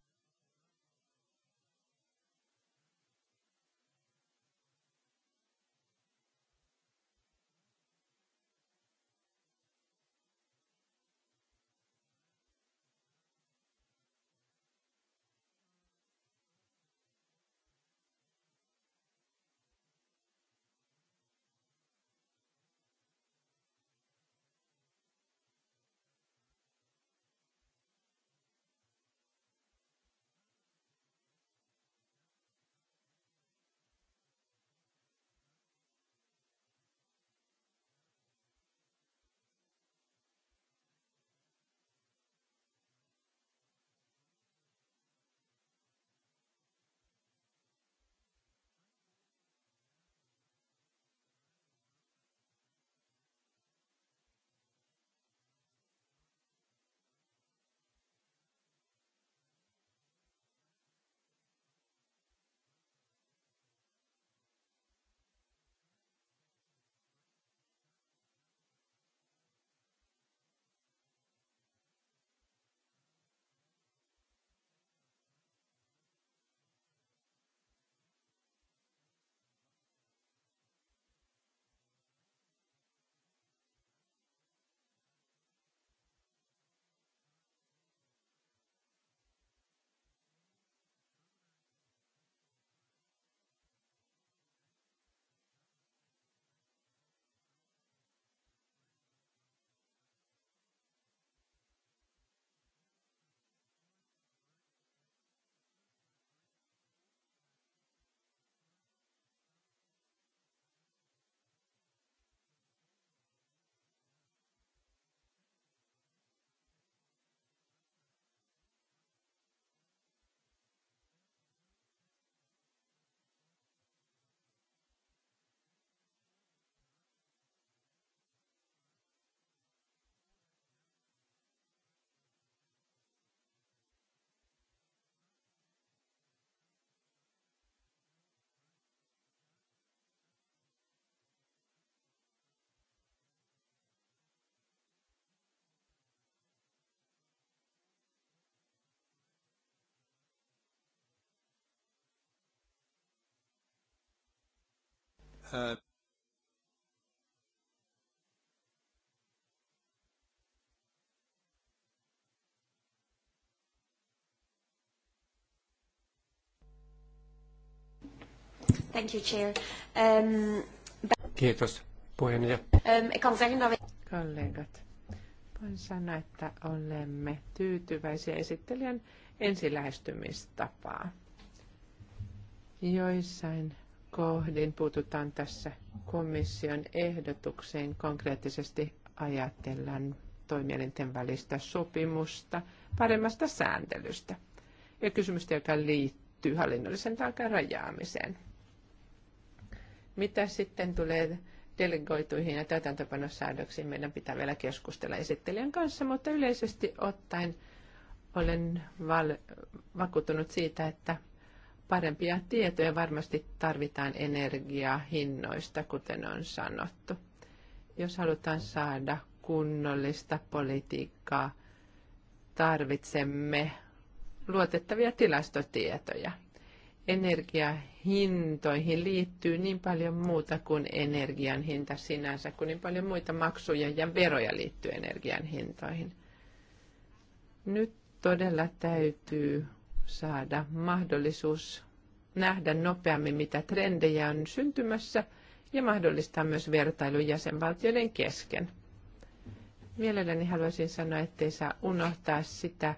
Thank you, Chair. Um, Kiitos puheenjohtaja. Um, Kollegat, voin sanoa, että olemme tyytyväisiä esittelijän ensilähestymistapaa. Joissain kohdin puututaan tässä komission ehdotukseen. Konkreettisesti ajatellaan toimielinten välistä sopimusta paremmasta sääntelystä ja kysymystä, joka liittyy hallinnollisen taakan rajaamiseen. Mitä sitten tulee delegoituihin ja täytäntöpanossäädöksiin, meidän pitää vielä keskustella esittelijän kanssa, mutta yleisesti ottaen olen val- vakuuttunut siitä, että parempia tietoja varmasti tarvitaan energiahinnoista, kuten on sanottu. Jos halutaan saada kunnollista politiikkaa, tarvitsemme luotettavia tilastotietoja. Energiahintoihin liittyy niin paljon muuta kuin energian hinta sinänsä, kuin niin paljon muita maksuja ja veroja liittyy energian hintoihin. Nyt todella täytyy saada mahdollisuus nähdä nopeammin, mitä trendejä on syntymässä ja mahdollistaa myös vertailu jäsenvaltioiden kesken. Mielelläni haluaisin sanoa, ettei saa unohtaa sitä,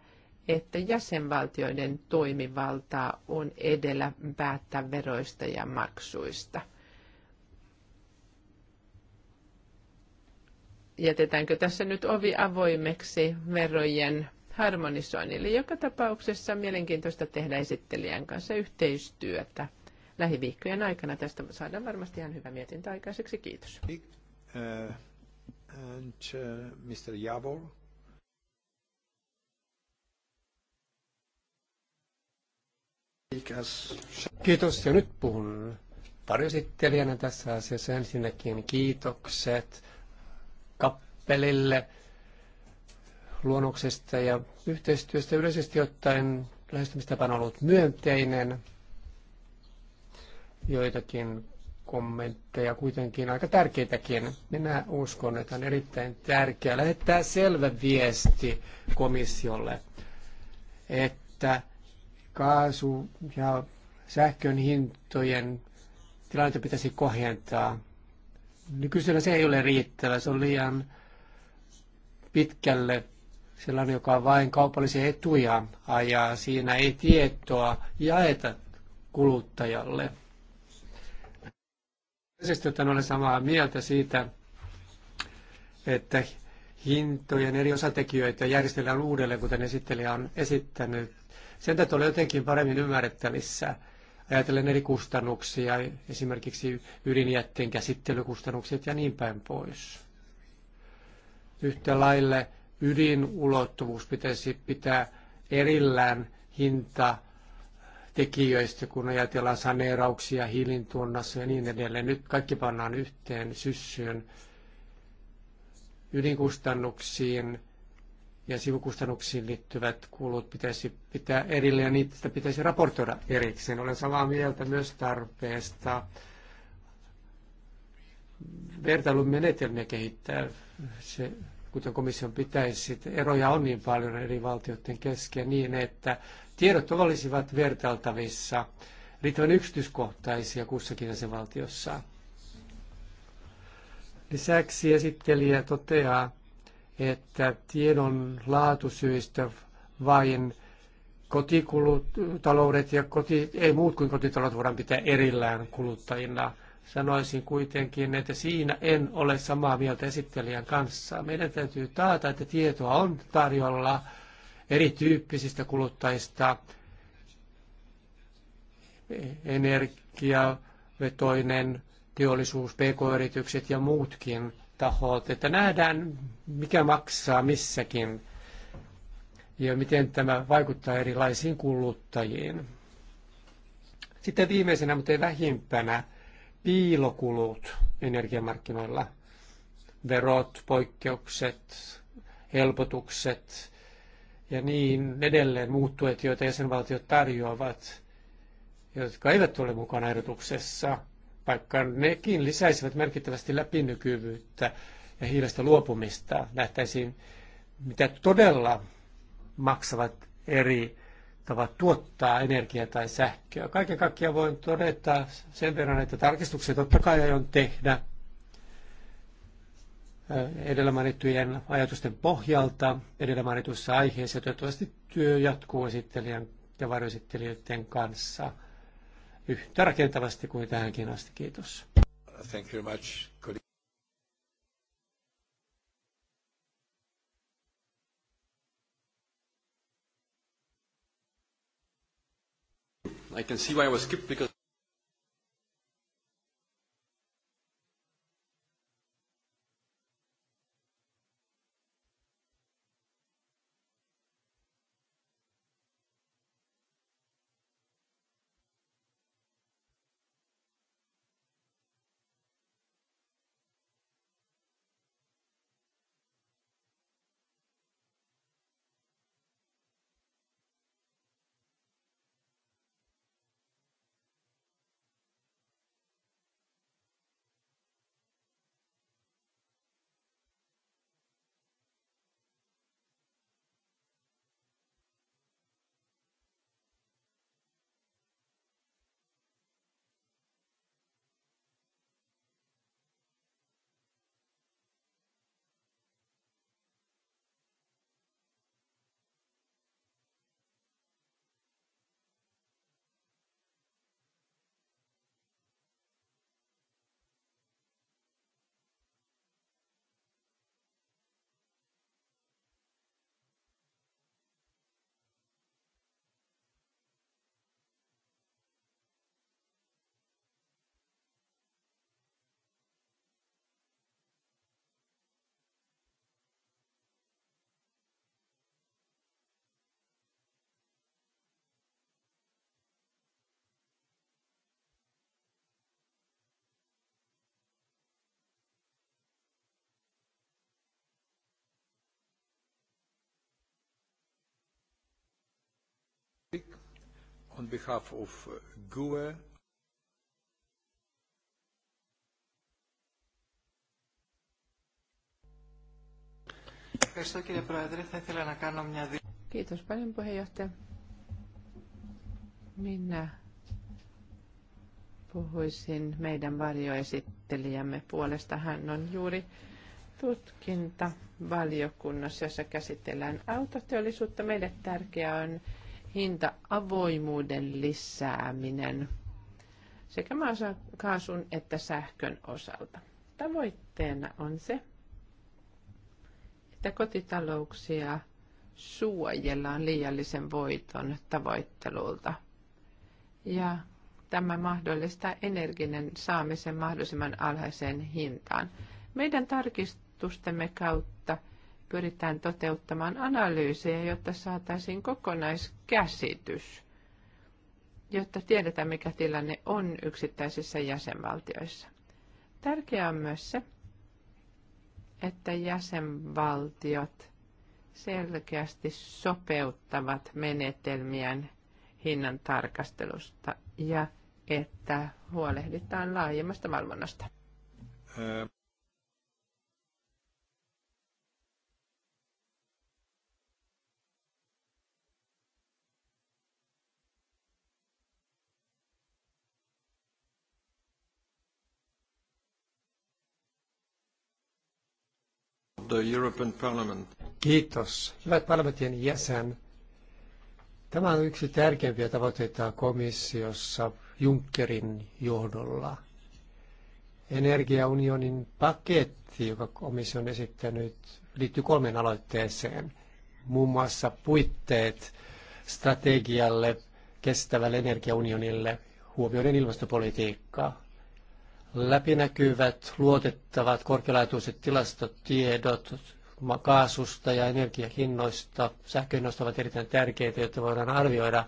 että jäsenvaltioiden toimivaltaa on edellä päättää veroista ja maksuista. Jätetäänkö tässä nyt ovi avoimeksi verojen harmonisoinnille. Joka tapauksessa mielenkiintoista tehdä esittelijän kanssa yhteistyötä. Lähiviikkojen aikana tästä saadaan varmasti ihan hyvä mietintä aikaiseksi. Kiitos. Uh, and, uh, Mr. Javor. Kiitos. Ja nyt puhun varjosittelijänä tässä asiassa ensinnäkin kiitokset kappelille luonnoksesta ja yhteistyöstä yleisesti ottaen lähestymistapa on ollut myönteinen. Joitakin kommentteja kuitenkin aika tärkeitäkin. Minä uskon, että on erittäin tärkeää lähettää selvä viesti komissiolle, että kaasu- ja sähkön hintojen tilannetta pitäisi kohentaa. Nykyisellä se ei ole riittävä, se on liian pitkälle sellainen, joka vain kaupallisia etuja ajaa. Siinä ei tietoa jaeta kuluttajalle. Sitten olen samaa mieltä siitä, että hintojen eri osatekijöitä järjestellään uudelleen, kuten esittelijä on esittänyt. Sen täytyy olla jotenkin paremmin ymmärrettävissä. Ajatellen eri kustannuksia, esimerkiksi ydinjätteen käsittelykustannukset ja niin päin pois. Yhtä lailla ydinulottuvuus pitäisi pitää erillään hinta tekijöistä, kun ajatellaan saneerauksia, hiilintuonnassa ja niin edelleen. Nyt kaikki pannaan yhteen syssyyn ydinkustannuksiin ja sivukustannuksiin liittyvät kulut pitäisi pitää erillään ja niitä pitäisi raportoida erikseen. Olen samaa mieltä myös tarpeesta vertailun menetelmiä kehittää. Se kuten komission pitäisi. Eroja on niin paljon eri valtioiden kesken niin, että tiedot olisivat vertailtavissa riittävän yksityiskohtaisia kussakin jäsenvaltiossa. Lisäksi esittelijä toteaa, että tiedon laatusyistä vain kotitaloudet ja koti, ei muut kuin kotitaloudet voidaan pitää erillään kuluttajina – Sanoisin kuitenkin, että siinä en ole samaa mieltä esittelijän kanssa. Meidän täytyy taata, että tietoa on tarjolla erityyppisistä kuluttajista, energiavetoinen teollisuus, pk-yritykset ja muutkin tahot, että nähdään mikä maksaa missäkin ja miten tämä vaikuttaa erilaisiin kuluttajiin. Sitten viimeisenä, mutta ei vähimpänä, piilokulut energiamarkkinoilla, verot, poikkeukset, helpotukset ja niin edelleen muuttuet, joita jäsenvaltiot tarjoavat, jotka eivät ole mukana ehdotuksessa, vaikka nekin lisäisivät merkittävästi läpinykyvyyttä ja hiilestä luopumista, nähtäisiin, mitä todella maksavat eri tapa tuottaa energiaa tai sähköä. Kaiken kaikkiaan voin todeta sen verran, että tarkistuksia totta kai aion tehdä eh, edellä mainittujen ajatusten pohjalta edellä mainituissa aiheissa. Toivottavasti työ jatkuu esittelijän ja varjoesittelijöiden kanssa yhtä rakentavasti kuin tähänkin asti. Kiitos. Thank you much. I can see why I was skipped because on behalf of GUE. Kiitos paljon puheenjohtaja. Minä puhuisin meidän varjoesittelijämme puolesta. Hän on juuri tutkintavaliokunnassa, jossa käsitellään autoteollisuutta. Meille tärkeää on hinta-avoimuuden lisääminen sekä maakaasun että sähkön osalta. Tavoitteena on se, että kotitalouksia suojellaan liiallisen voiton tavoittelulta. Ja tämä mahdollistaa energinen saamisen mahdollisimman alhaiseen hintaan. Meidän tarkistustemme kautta – pyritään toteuttamaan analyysejä, jotta saataisiin kokonaiskäsitys, jotta tiedetään, mikä tilanne on yksittäisissä jäsenvaltioissa. Tärkeää on myös se, että jäsenvaltiot selkeästi sopeuttavat menetelmien hinnan tarkastelusta ja että huolehditaan laajemmasta valvonnasta. the European Parliament. Kiitos. Hyvät parlamentin jäsen. Tämä on yksi tärkeimpiä tavoitteita komissiossa Junckerin johdolla. Energiaunionin paketti, joka komissio on esittänyt, liittyy kolmeen aloitteeseen. Muun muassa puitteet strategialle, kestävälle energiaunionille, huomioiden ilmastopolitiikkaa läpinäkyvät, luotettavat, korkealaatuiset tilastotiedot kaasusta ja energiahinnoista, sähköhinnoista ovat erittäin tärkeitä, jotta voidaan arvioida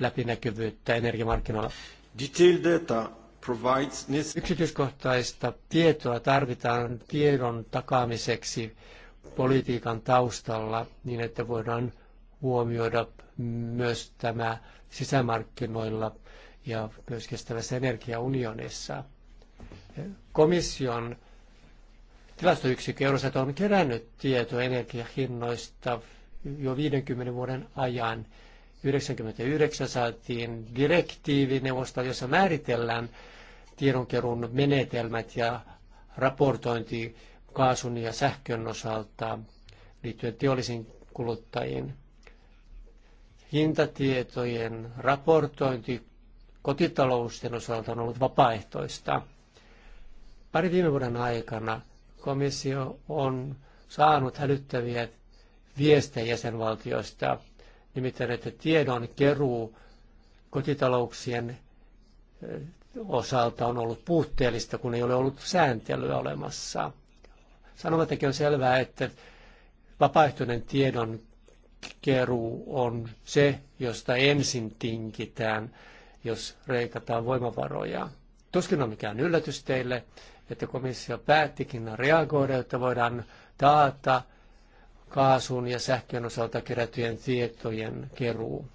läpinäkyvyyttä energiamarkkinoilla. Detailed data provides... Yksityiskohtaista tietoa tarvitaan tiedon takaamiseksi politiikan taustalla niin, että voidaan huomioida myös tämä sisämarkkinoilla ja myös kestävässä energiaunionissa komission tilastoyksikkö Euroset on kerännyt tietoa energiahinnoista jo 50 vuoden ajan. 1999 saatiin direktiivi neuvosta, jossa määritellään tiedonkerun menetelmät ja raportointi kaasun ja sähkön osalta liittyen teollisiin kuluttajiin. Hintatietojen raportointi kotitalousten osalta on ollut vapaaehtoista. Pari viime vuoden aikana komissio on saanut hälyttäviä viestejä jäsenvaltioista, nimittäin että tiedon keruu kotitalouksien eh, osalta on ollut puutteellista, kun ei ole ollut sääntelyä olemassa. Sanomattakin on selvää, että vapaaehtoinen tiedon keruu on se, josta ensin tinkitään, jos reikataan voimavaroja. Tuskin on mikään yllätys teille, että komissio päättikin reagoida, jotta voidaan taata kaasun ja sähkön osalta kerättyjen tietojen keruu.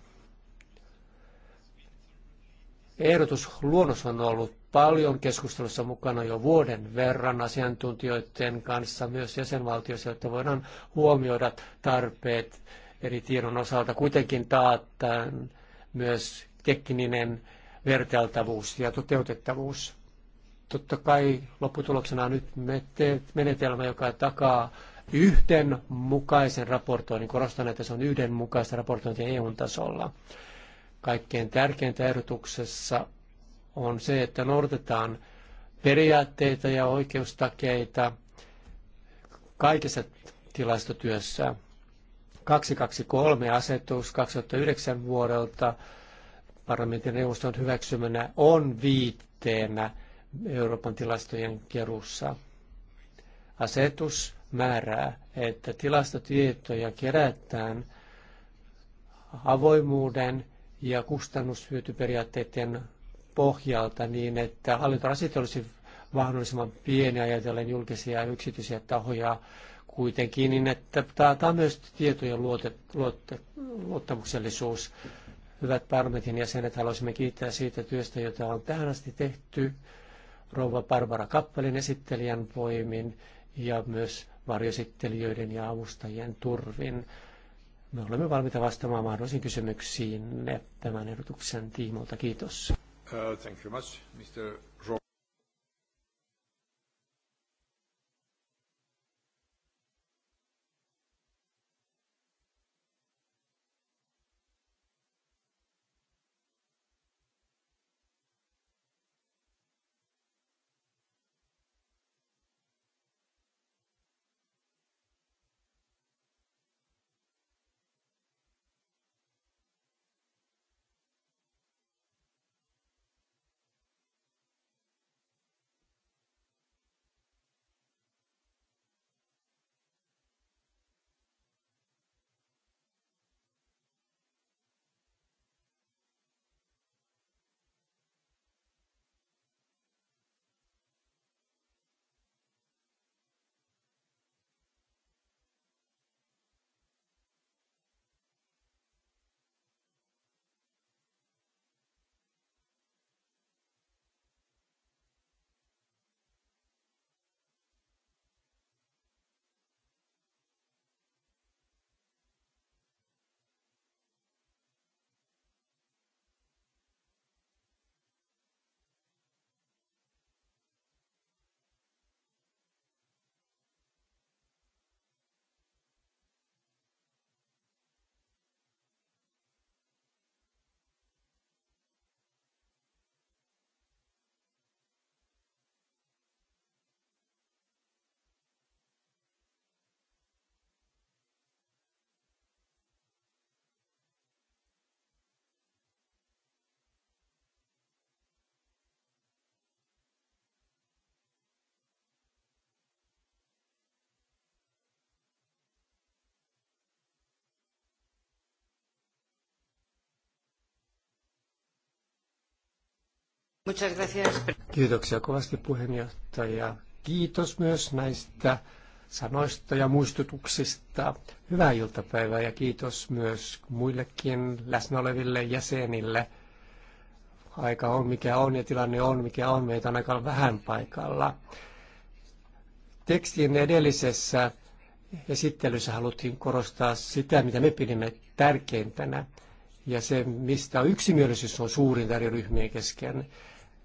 Ehdotusluonnos on ollut paljon keskustelussa mukana jo vuoden verran asiantuntijoiden kanssa myös jäsenvaltioissa, jotta voidaan huomioida tarpeet eri tiedon osalta. Kuitenkin taattaen myös tekninen vertailtavuus ja toteutettavuus. Totta kai lopputuloksena on nyt menetelmä, joka takaa yhdenmukaisen raportoinnin. Korostan, että se on yhdenmukaista raportointia EU-tasolla. Kaikkein tärkeintä ehdotuksessa on se, että noudatetaan periaatteita ja oikeustakeita kaikessa tilastotyössä. 223 asetus 2009 vuodelta parlamentin neuvoston hyväksymänä on viitteenä Euroopan tilastojen keruussa. Asetus määrää, että tilastotietoja kerätään avoimuuden ja kustannushyötyperiaatteiden pohjalta niin, että hallintorasit olisi mahdollisimman pieni ajatellen julkisia ja yksityisiä tahoja kuitenkin, niin että taataan myös tietojen luote, luotte, luottamuksellisuus. Hyvät parlamentin jäsenet, haluaisimme kiittää siitä työstä, jota on tähän asti tehty rouva Barbara Kappelin esittelijän voimin ja myös varjosittelijöiden ja avustajien turvin. Me olemme valmiita vastaamaan mahdollisiin kysymyksiin tämän ehdotuksen tiimoilta. Kiitos. Uh, thank you much, Mr. Kiitoksia kovasti puheenjohtaja. Kiitos myös näistä sanoista ja muistutuksista. Hyvää iltapäivää ja kiitos myös muillekin läsnä oleville jäsenille. Aika on mikä on ja tilanne on mikä on. Meitä on aika vähän paikalla. Tekstin edellisessä esittelyssä haluttiin korostaa sitä, mitä me pidimme tärkeimpänä ja se, mistä yksimielisyys on suurin eri ryhmien kesken.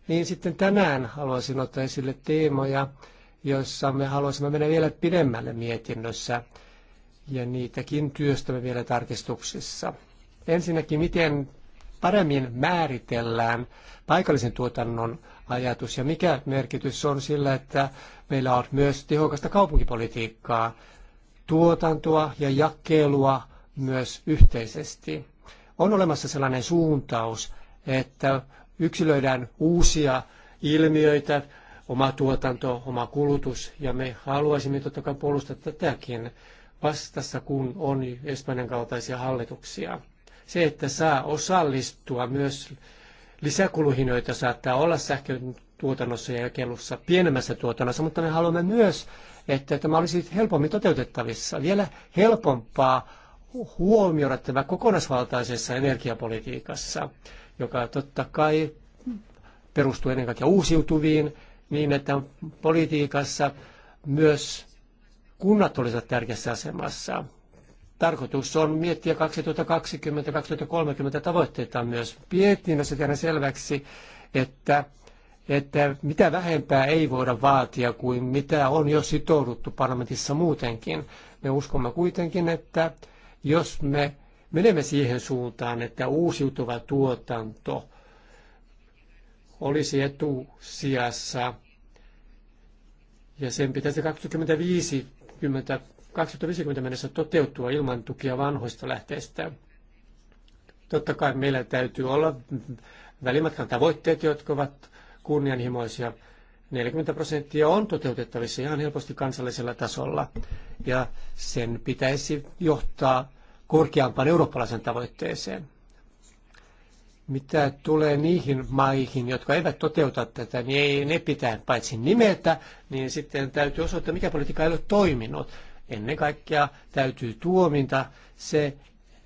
Niin sitten tänään haluaisin ottaa esille teemoja, joissa me haluaisimme mennä vielä pidemmälle mietinnössä ja niitäkin työstämme vielä tarkistuksissa. Ensinnäkin, miten paremmin määritellään paikallisen tuotannon ajatus ja mikä merkitys on sillä, että meillä on myös tehokasta kaupunkipolitiikkaa, tuotantoa ja jakelua myös yhteisesti. On olemassa sellainen suuntaus, että yksilöidään uusia ilmiöitä, oma tuotanto, oma kulutus, ja me haluaisimme totta kai puolustaa tätäkin vastassa, kun on Espanjan kaltaisia hallituksia. Se, että saa osallistua myös lisäkuluihin, joita saattaa olla sähkön tuotannossa ja jakelussa, pienemmässä tuotannossa, mutta me haluamme myös, että tämä olisi helpommin toteutettavissa, vielä helpompaa huomioida tämä kokonaisvaltaisessa energiapolitiikassa joka totta kai perustuu ennen kaikkea uusiutuviin, niin että politiikassa myös kunnat olisivat tärkeässä asemassa. Tarkoitus on miettiä 2020-2030 tavoitteita myös. se tehdään selväksi, että, että mitä vähempää ei voida vaatia kuin mitä on jo sitouduttu parlamentissa muutenkin. Me uskomme kuitenkin, että jos me menemme siihen suuntaan, että uusiutuva tuotanto olisi etusijassa ja sen pitäisi 2050, 2050 mennessä toteutua ilman tukia vanhoista lähteistä. Totta kai meillä täytyy olla välimatkan tavoitteet, jotka ovat kunnianhimoisia. 40 prosenttia on toteutettavissa ihan helposti kansallisella tasolla, ja sen pitäisi johtaa korkeampaan eurooppalaisen tavoitteeseen. Mitä tulee niihin maihin, jotka eivät toteuta tätä, niin ei ne pitää paitsi nimetä, niin sitten täytyy osoittaa, mikä politiikka ei ole toiminut. Ennen kaikkea täytyy tuominta se,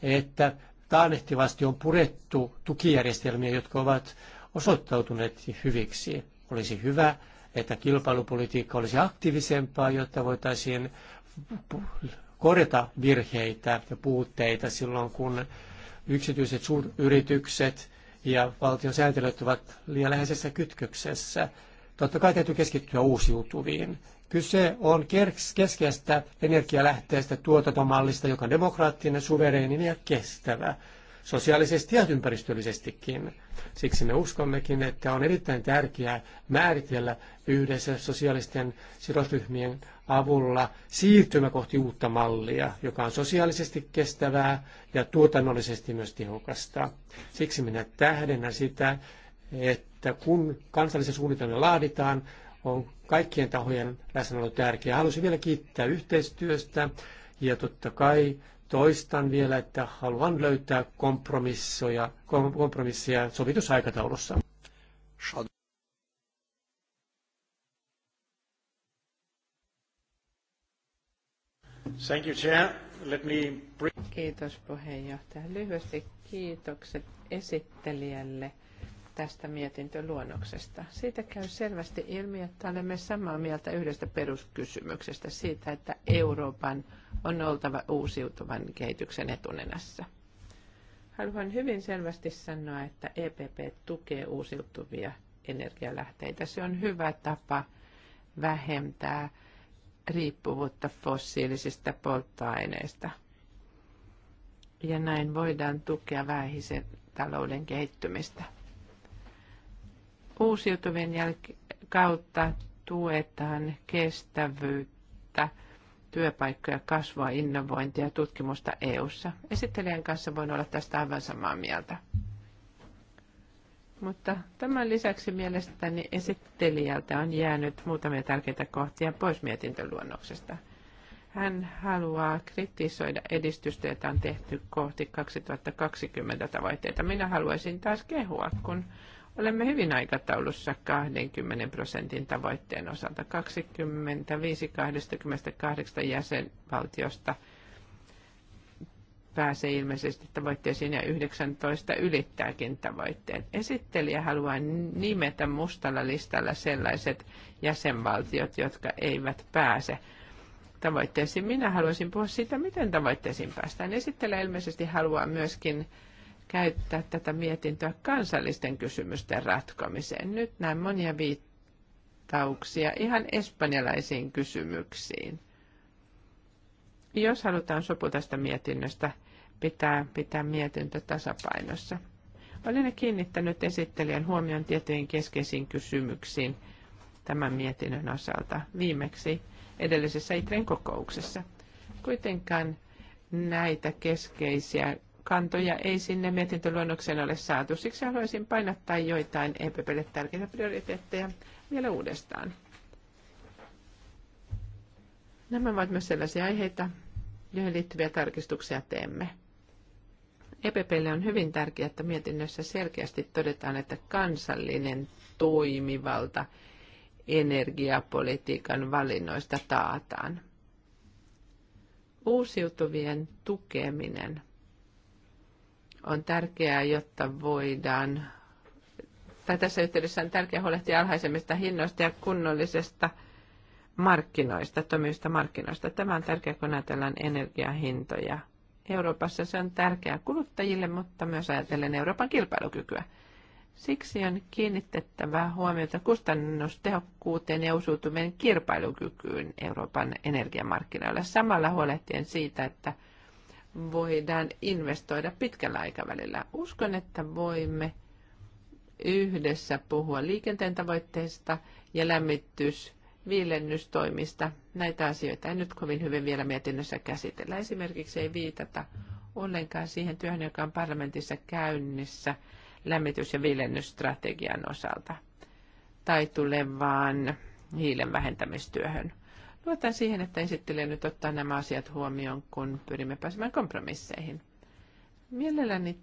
että taannehtivasti on purettu tukijärjestelmiä, jotka ovat osoittautuneet hyviksi. Olisi hyvä, että kilpailupolitiikka olisi aktiivisempaa, jotta voitaisiin korjata virheitä ja puutteita silloin, kun yksityiset suuryritykset ja valtion sääntelyt ovat liian läheisessä kytköksessä. Totta kai täytyy keskittyä uusiutuviin. Kyse on keskeistä energialähteestä tuotantomallista, joka on demokraattinen, suvereinen ja kestävä sosiaalisesti ja ympäristöllisestikin. Siksi me uskommekin, että on erittäin tärkeää määritellä yhdessä sosiaalisten sidosryhmien avulla siirtymä kohti uutta mallia, joka on sosiaalisesti kestävää ja tuotannollisesti myös tehokasta. Siksi minä tähdennän sitä, että kun kansallisen suunnitelman laaditaan, on kaikkien tahojen läsnäolo tärkeää. Haluaisin vielä kiittää yhteistyöstä ja totta kai Toistan vielä, että haluan löytää kompromisseja, kompromissia sovitusaikataulussa. Thank you, Chair. Let me bring... Kiitos puheenjohtaja. Lyhyesti kiitokset esittelijälle tästä mietintöluonnoksesta. Siitä käy selvästi ilmi, että olemme samaa mieltä yhdestä peruskysymyksestä siitä, että Euroopan – on oltava uusiutuvan kehityksen etunenässä. Haluan hyvin selvästi sanoa, että EPP tukee uusiutuvia energialähteitä. Se on hyvä tapa vähentää riippuvuutta fossiilisista polttoaineista. Ja näin voidaan tukea vähäisen talouden kehittymistä. Uusiutuvien jäl- kautta tuetaan kestävyyttä – työpaikkoja, kasvua, innovointia ja tutkimusta EU:ssa. Esittelijän kanssa voin olla tästä aivan samaa mieltä. Mutta tämän lisäksi mielestäni esittelijältä on jäänyt muutamia tärkeitä kohtia pois mietintöluonnoksesta. Hän haluaa kritisoida edistystä, jota on tehty kohti 2020 tavoitteita. Minä haluaisin taas kehua, kun Olemme hyvin aikataulussa 20 prosentin tavoitteen osalta. 25-28 jäsenvaltiosta pääsee ilmeisesti tavoitteisiin ja 19 ylittääkin tavoitteen. Esittelijä haluaa nimetä mustalla listalla sellaiset jäsenvaltiot, jotka eivät pääse tavoitteisiin. Minä haluaisin puhua siitä, miten tavoitteisiin päästään. Esittelijä ilmeisesti haluaa myöskin käyttää tätä mietintöä kansallisten kysymysten ratkomiseen. Nyt näen monia viittauksia ihan espanjalaisiin kysymyksiin. Jos halutaan sopu tästä mietinnöstä, pitää pitää mietintö tasapainossa. Olen kiinnittänyt esittelijän huomion tietojen keskeisiin kysymyksiin tämän mietinnön osalta viimeksi edellisessä ITREn kokouksessa. Kuitenkaan näitä keskeisiä kantoja ei sinne mietintöluonnokseen ole saatu. Siksi haluaisin painottaa joitain EPPlle tärkeitä prioriteetteja vielä uudestaan. Nämä ovat myös sellaisia aiheita, joihin liittyviä tarkistuksia teemme. EPPlle on hyvin tärkeää, että mietinnössä selkeästi todetaan, että kansallinen toimivalta energiapolitiikan valinnoista taataan. Uusiutuvien tukeminen on tärkeää, jotta voidaan, tai tässä yhteydessä on tärkeää huolehtia alhaisemmista hinnoista ja kunnollisesta markkinoista, toimivista markkinoista. Tämä on tärkeää, kun ajatellaan energiahintoja. Euroopassa se on tärkeää kuluttajille, mutta myös ajatellen Euroopan kilpailukykyä. Siksi on kiinnitettävä huomiota kustannustehokkuuteen ja uusiutuvien kilpailukykyyn Euroopan energiamarkkinoilla, samalla huolehtien siitä, että – voidaan investoida pitkällä aikavälillä. Uskon, että voimme yhdessä puhua liikenteen tavoitteista ja lämmitys- viilennystoimista. Näitä asioita ei nyt kovin hyvin vielä mietinnössä käsitellä. Esimerkiksi ei viitata ollenkaan siihen työhön, joka on parlamentissa käynnissä lämmitys- ja viilennysstrategian osalta tai tulevaan hiilen vähentämistyöhön. Luotan siihen, että esittelijä nyt ottaa nämä asiat huomioon, kun pyrimme pääsemään kompromisseihin. Mielelläni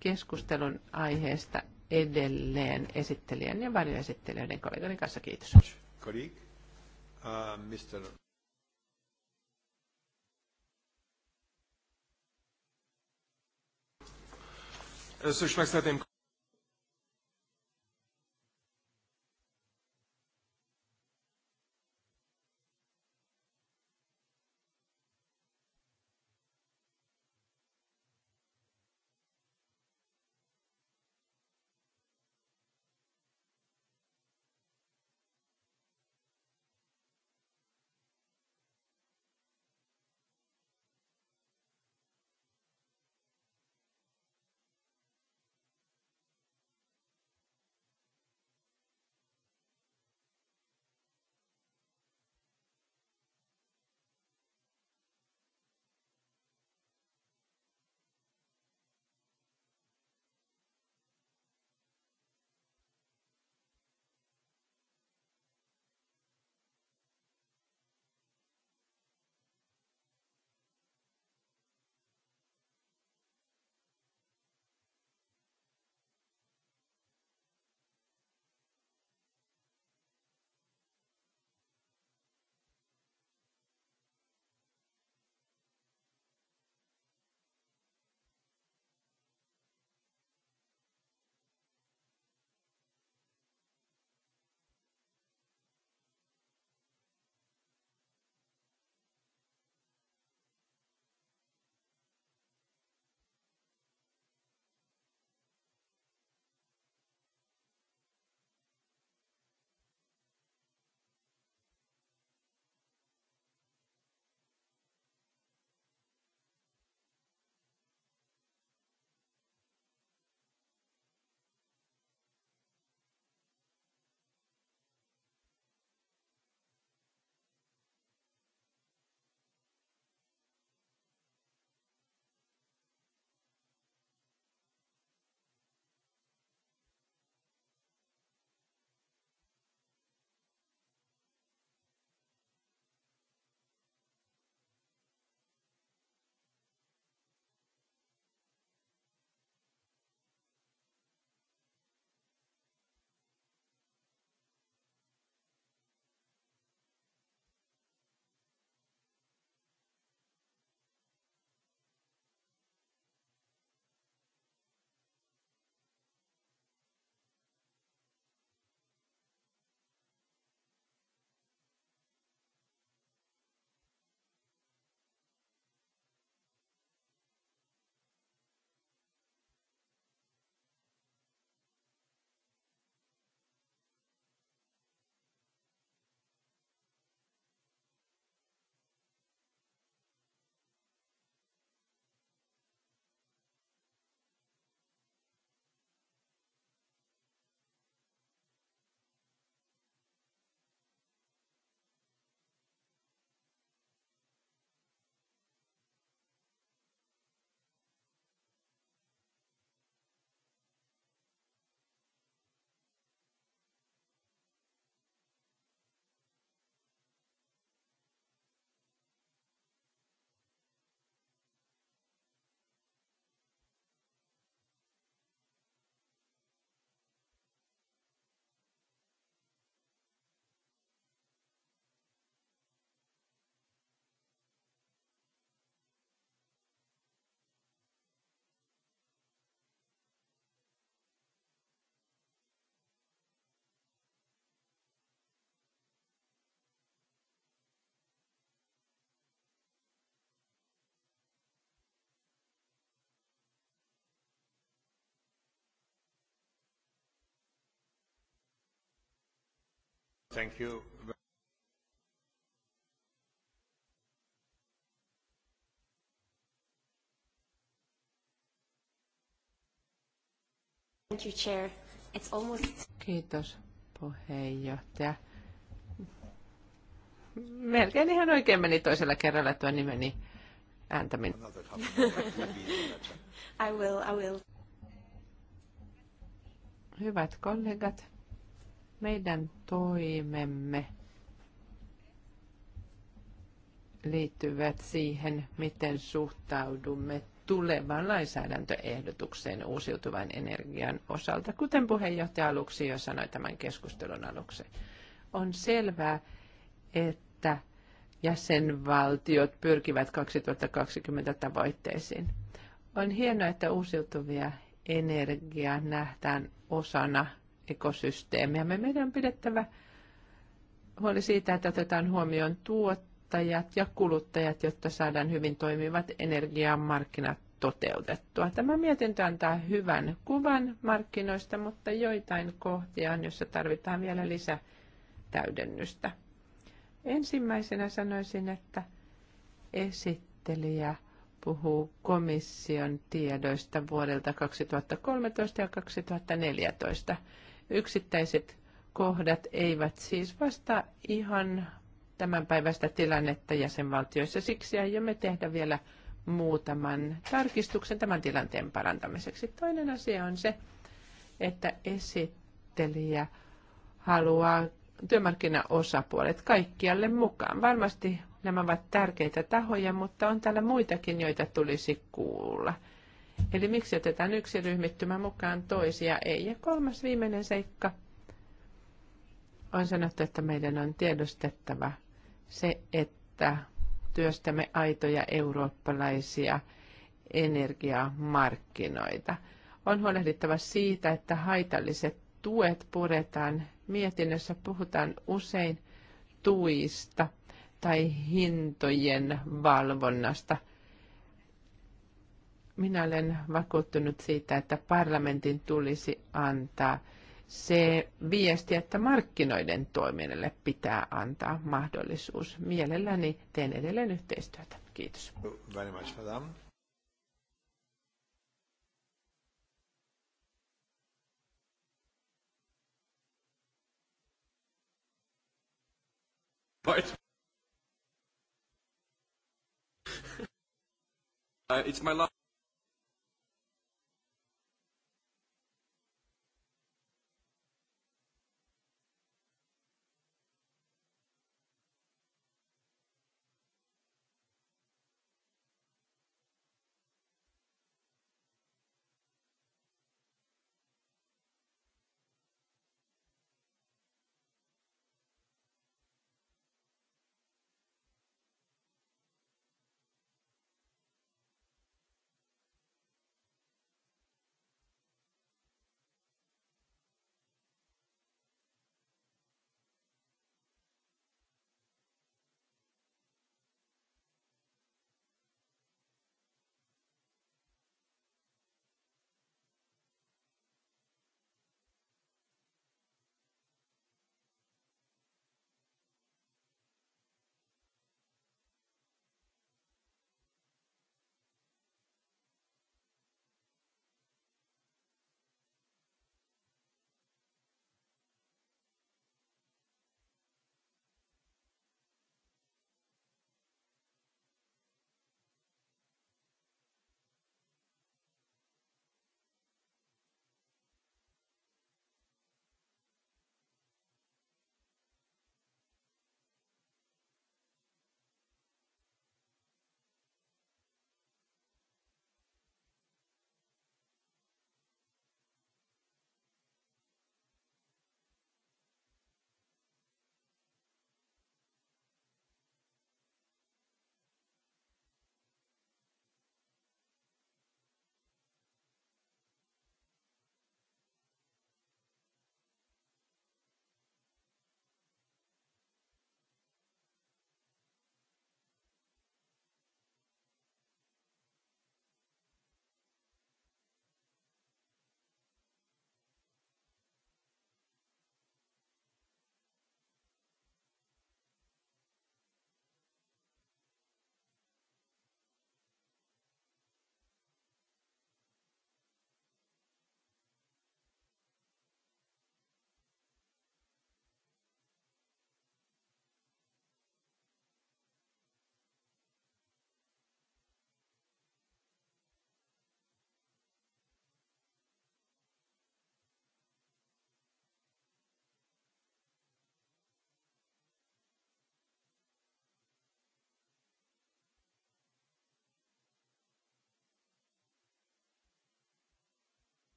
keskustelun aiheesta edelleen esittelijän ja varjoesittelijöiden kollegani kanssa. Kiitos. Uh, Mr. Thank you. Thank you, Chair. It's almost... Kiitos, puheenjohtaja. Melkein ihan oikein meni toisella kerralla tuo nimeni ääntäminen. [laughs] I will, I will. Hyvät kollegat, meidän toimemme liittyvät siihen, miten suhtaudumme tulevaan lainsäädäntöehdotukseen uusiutuvan energian osalta, kuten puheenjohtaja aluksi jo sanoi tämän keskustelun aluksi. On selvää, että jäsenvaltiot pyrkivät 2020 tavoitteisiin. On hienoa, että uusiutuvia energiaa nähdään osana ekosysteemiä. Me meidän on pidettävä huoli siitä, että otetaan huomioon tuottajat ja kuluttajat, jotta saadaan hyvin toimivat energiamarkkinat toteutettua. Tämä mietintö antaa hyvän kuvan markkinoista, mutta joitain kohtia on, joissa tarvitaan vielä lisää täydennystä. Ensimmäisenä sanoisin, että esittelijä puhuu komission tiedoista vuodelta 2013 ja 2014. Yksittäiset kohdat eivät siis vastaa ihan tämän päivästä tilannetta jäsenvaltioissa. Siksi aiomme tehdä vielä muutaman tarkistuksen tämän tilanteen parantamiseksi. Toinen asia on se, että esittelijä haluaa työmarkkinaosapuolet kaikkialle mukaan. Varmasti nämä ovat tärkeitä tahoja, mutta on täällä muitakin, joita tulisi kuulla – Eli miksi otetaan yksi ryhmittymä mukaan toisia ei. Ja kolmas viimeinen seikka on sanottu, että meidän on tiedostettava se, että työstämme aitoja eurooppalaisia energiamarkkinoita. On huolehdittava siitä, että haitalliset tuet puretaan. Mietinnössä puhutaan usein tuista tai hintojen valvonnasta – minä olen vakuuttunut siitä, että parlamentin tulisi antaa se viesti, että markkinoiden toiminnalle pitää antaa mahdollisuus. Mielelläni teen edelleen yhteistyötä. Kiitos. Very much, [laughs] Uh, it's my last.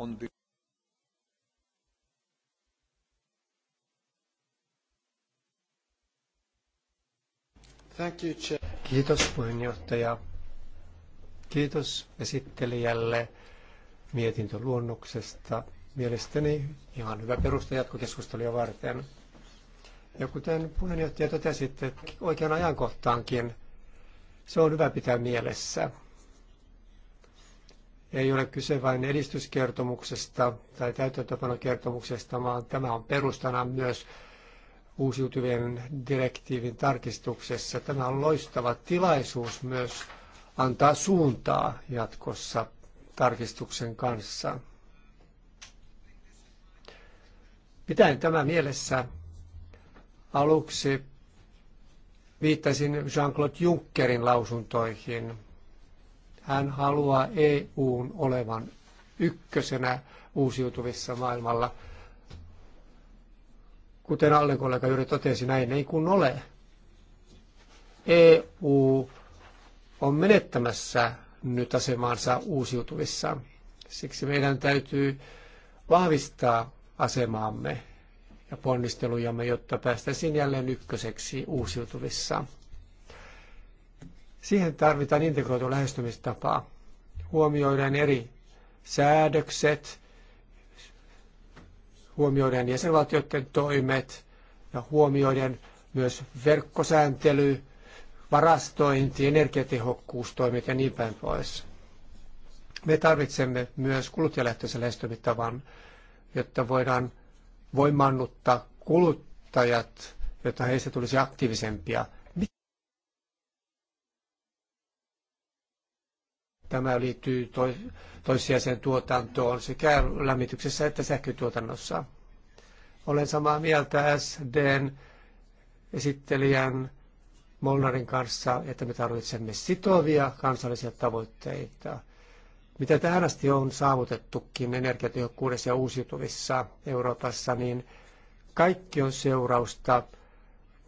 on Thank you, Chair. Kiitos puheenjohtaja. Kiitos esittelijälle mietintöluonnoksesta. Mielestäni ihan hyvä perusta jatkokeskustelua varten. Ja kuten puheenjohtaja totesi, että oikean ajankohtaankin se on hyvä pitää mielessä. Ei ole kyse vain edistyskertomuksesta tai täytäntöpanokertomuksesta, vaan tämä on perustana myös uusiutuvien direktiivin tarkistuksessa. Tämä on loistava tilaisuus myös antaa suuntaa jatkossa tarkistuksen kanssa. Pitäen tämä mielessä aluksi viittasin Jean-Claude Junckerin lausuntoihin hän haluaa EUn olevan ykkösenä uusiutuvissa maailmalla. Kuten allekollega juuri totesi, näin ei kun ole. EU on menettämässä nyt asemaansa uusiutuvissa. Siksi meidän täytyy vahvistaa asemaamme ja ponnistelujamme, jotta päästäisiin jälleen ykköseksi uusiutuvissa. Siihen tarvitaan integroitu lähestymistapaa, Huomioidaan eri säädökset, huomioidaan jäsenvaltioiden toimet ja huomioiden myös verkkosääntely, varastointi, energiatehokkuustoimet ja niin päin pois. Me tarvitsemme myös kuluttajalähtöisen lähestymistavan, jotta voidaan voimannuttaa kuluttajat, jotta heistä tulisi aktiivisempia – Tämä liittyy to- toissijaiseen tuotantoon sekä lämmityksessä että sähkötuotannossa. Olen samaa mieltä SDn esittelijän Molnarin kanssa, että me tarvitsemme sitovia kansallisia tavoitteita, mitä tähän asti on saavutettukin energiatehokkuudessa ja uusiutuvissa Euroopassa, niin kaikki on seurausta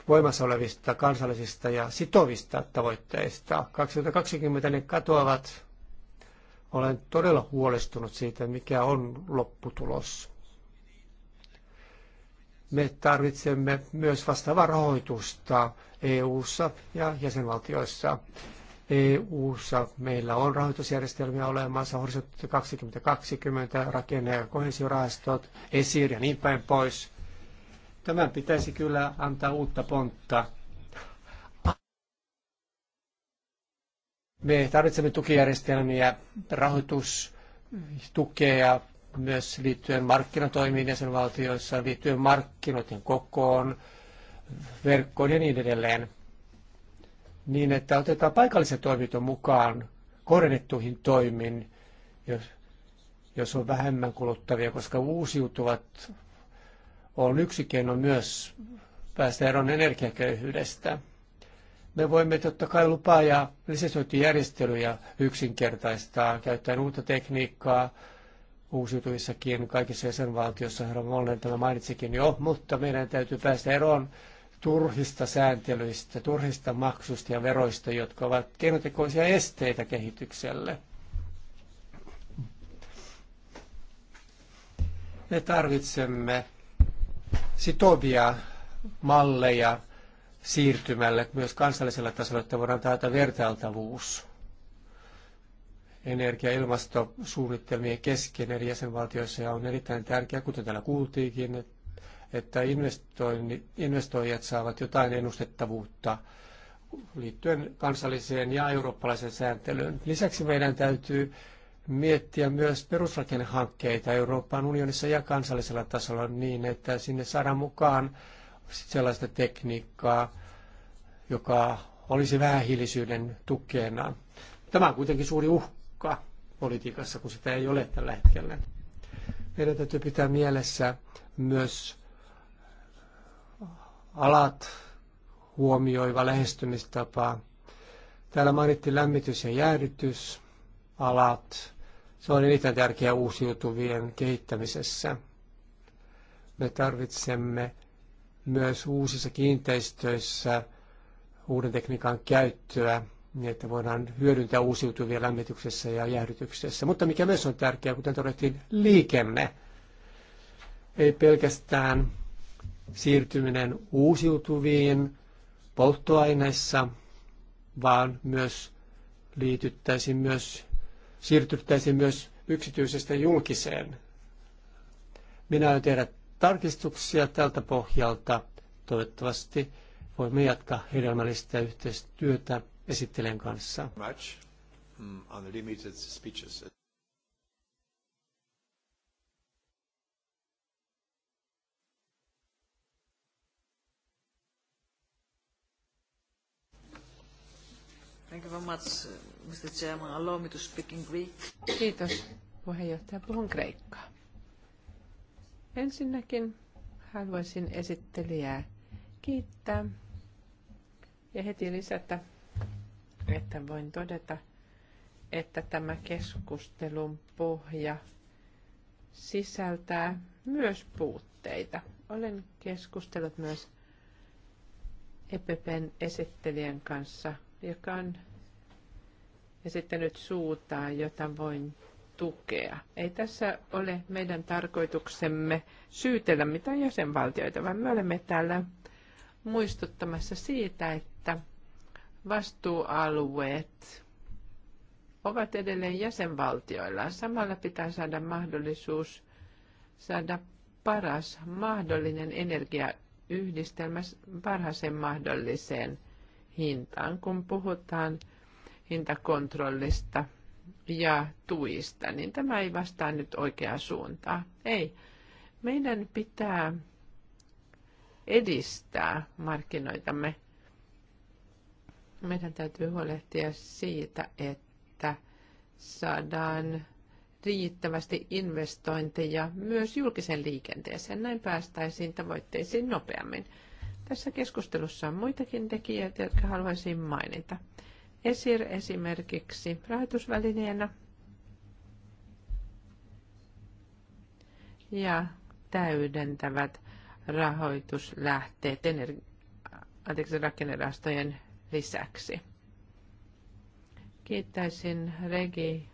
voimassa olevista kansallisista ja sitovista tavoitteista. 2020 ne katoavat olen todella huolestunut siitä, mikä on lopputulos. Me tarvitsemme myös vastaavaa rahoitusta EU-ssa ja jäsenvaltioissa. EU-ssa meillä on rahoitusjärjestelmiä olemassa, Horisontti 2020, rakenne- ja kohesiorahastot, ESIR ja niin päin pois. Tämän pitäisi kyllä antaa uutta pontta Me tarvitsemme tukijärjestelmiä, rahoitustukea myös liittyen markkinatoimiin jäsenvaltioissa, liittyen markkinoiden kokoon, verkkoon ja niin edelleen. Niin, että otetaan paikalliset toimit mukaan kohdennettuihin toimiin, jos, jos on vähemmän kuluttavia, koska uusiutuvat on yksi keino myös päästä eroon energiaköyhyydestä. Me voimme totta kai lupaa ja lisensointijärjestelyjä yksinkertaistaa, käyttäen uutta tekniikkaa uusiutuvissakin kaikissa jäsenvaltioissa, herra Mollen tämä mainitsikin jo, mutta meidän täytyy päästä eroon turhista sääntelyistä, turhista maksuista ja veroista, jotka ovat keinotekoisia esteitä kehitykselle. Me tarvitsemme sitovia malleja siirtymällä myös kansallisella tasolla, että voidaan taata vertailtavuus energia- ja ilmastosuunnitelmien kesken eri jäsenvaltioissa. Ja on erittäin tärkeää, kuten täällä kuultiinkin, että investoijat saavat jotain ennustettavuutta liittyen kansalliseen ja eurooppalaiseen sääntelyyn. Lisäksi meidän täytyy miettiä myös perusrakennehankkeita Euroopan unionissa ja kansallisella tasolla niin, että sinne saadaan mukaan sellaista tekniikkaa, joka olisi vähähiilisyyden tukena. Tämä on kuitenkin suuri uhka politiikassa, kun sitä ei ole tällä hetkellä. Meidän täytyy pitää mielessä myös alat huomioiva lähestymistapa. Täällä mainittiin lämmitys- ja jäähdytysalat. Se on erittäin tärkeä uusiutuvien kehittämisessä. Me tarvitsemme myös uusissa kiinteistöissä uuden tekniikan käyttöä, niin että voidaan hyödyntää uusiutuvia lämmityksessä ja jäähdytyksessä. Mutta mikä myös on tärkeää, kuten todettiin, liikenne. Ei pelkästään siirtyminen uusiutuviin polttoaineissa, vaan myös liityttäisiin myös, siirtyttäisiin myös yksityisestä julkiseen. Minä aion tehdä tarkistuksia tältä pohjalta. Toivottavasti voimme jatkaa hedelmällistä yhteistyötä esittelijän kanssa. Mm, Thank you very much, uh, Mr. Chairman. Allow me to speak in Greek. Kiitos, puheenjohtaja. Puhun kreikkaa. Ensinnäkin haluaisin esittelijää kiittää ja heti lisätä, että voin todeta, että tämä keskustelun pohja sisältää myös puutteita. Olen keskustellut myös EPPn esittelijän kanssa, joka on esittänyt suutaa, jota voin tukea. Ei tässä ole meidän tarkoituksemme syytellä mitään jäsenvaltioita, vaan me olemme täällä muistuttamassa siitä, että vastuualueet ovat edelleen jäsenvaltioilla. Samalla pitää saada mahdollisuus saada paras mahdollinen energiayhdistelmä parhaaseen mahdolliseen hintaan, kun puhutaan hintakontrollista – ja tuista, niin tämä ei vastaa nyt oikeaa suuntaa. Ei. Meidän pitää edistää markkinoitamme. Meidän täytyy huolehtia siitä, että saadaan riittävästi investointeja myös julkisen liikenteeseen. Näin päästäisiin tavoitteisiin nopeammin. Tässä keskustelussa on muitakin tekijöitä, jotka haluaisin mainita. ESIR esimerkiksi rahoitusvälineenä ja täydentävät rahoituslähteet energi- anteeksi, rakennerastojen lisäksi. Kiittäisin Regi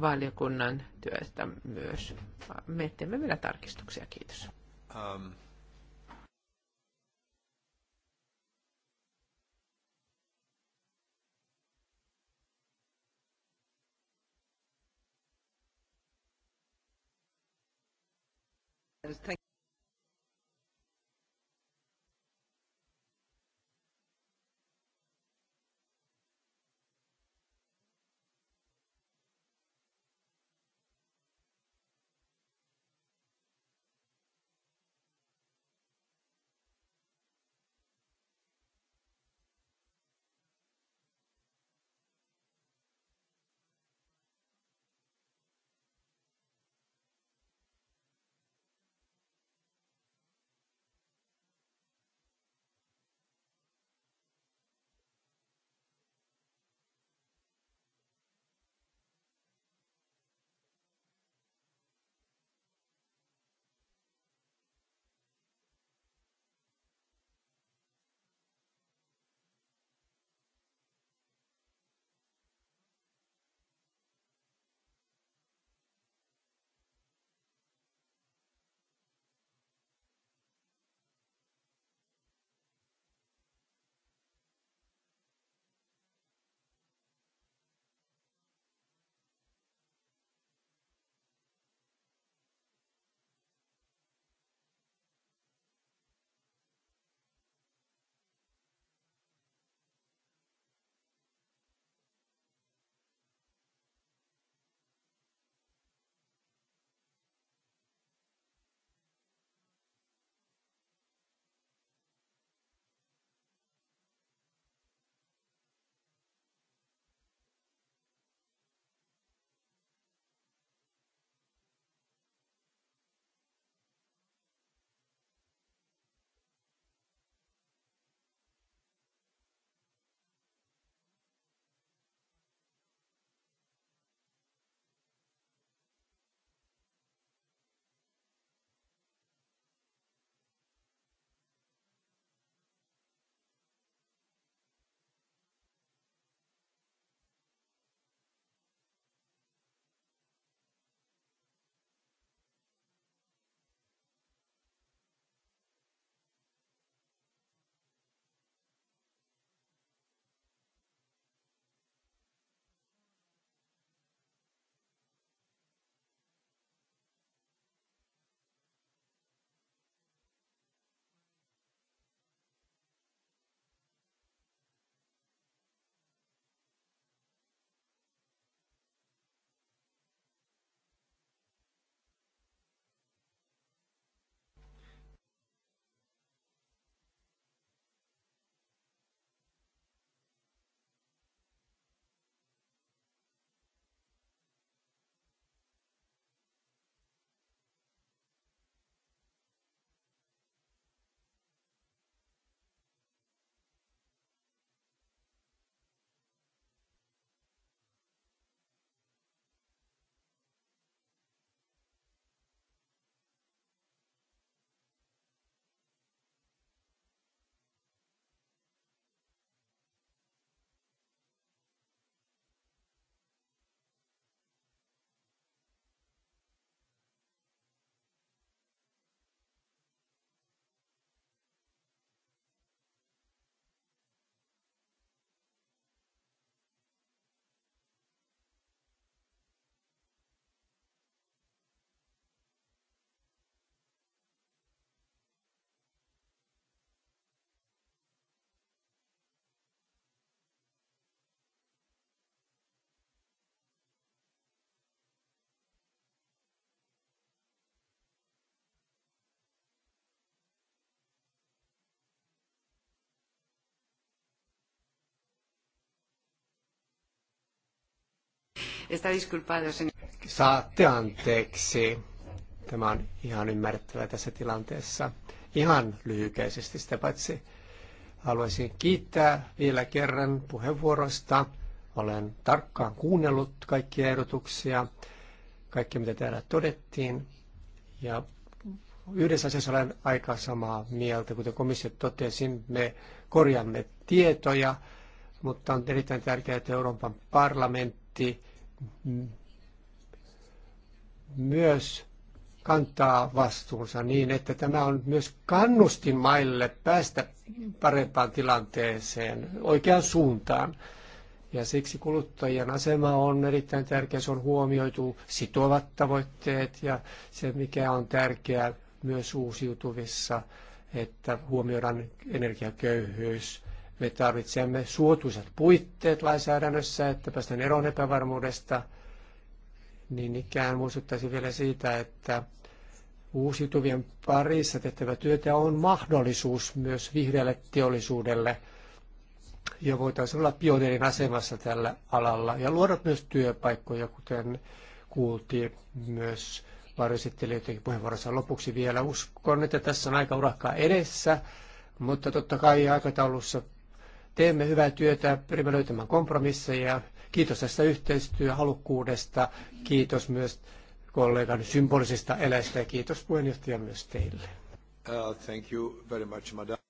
valiokunnan työstä myös. Me teemme vielä tarkistuksia. Kiitos. Um. Thank Está disculpado, Saatte anteeksi. Tämä on ihan ymmärrettävää tässä tilanteessa. Ihan lyhykäisesti sitä paitsi haluaisin kiittää vielä kerran puheenvuorosta. Olen tarkkaan kuunnellut kaikkia ehdotuksia, kaikki mitä täällä todettiin. Ja yhdessä asiassa olen aika samaa mieltä, kuten komissio totesin, me korjaamme tietoja, mutta on erittäin tärkeää, että Euroopan parlamentti Mm. myös kantaa vastuunsa niin, että tämä on myös kannustin maille päästä parempaan tilanteeseen, oikeaan suuntaan. Ja siksi kuluttajien asema on erittäin tärkeä, se on huomioitu sitovat tavoitteet ja se mikä on tärkeää myös uusiutuvissa, että huomioidaan energiaköyhyys me tarvitsemme suotuisat puitteet lainsäädännössä, että päästään eroon epävarmuudesta. Niin ikään muistuttaisin vielä siitä, että uusiutuvien parissa tehtävä työtä on mahdollisuus myös vihreälle teollisuudelle – ja voitaisiin olla pioneerin asemassa tällä alalla ja luoda myös työpaikkoja, kuten kuultiin myös varjosittelijöidenkin puheenvuorossa lopuksi vielä. Uskon, että tässä on aika urakkaa edessä, mutta totta kai aikataulussa Teemme hyvää työtä, pyrimme löytämään kompromisseja. Kiitos tästä yhteistyöhalukkuudesta. Kiitos myös kollegan symbolisista eleistä ja kiitos puheenjohtaja myös teille. Uh, thank you very much,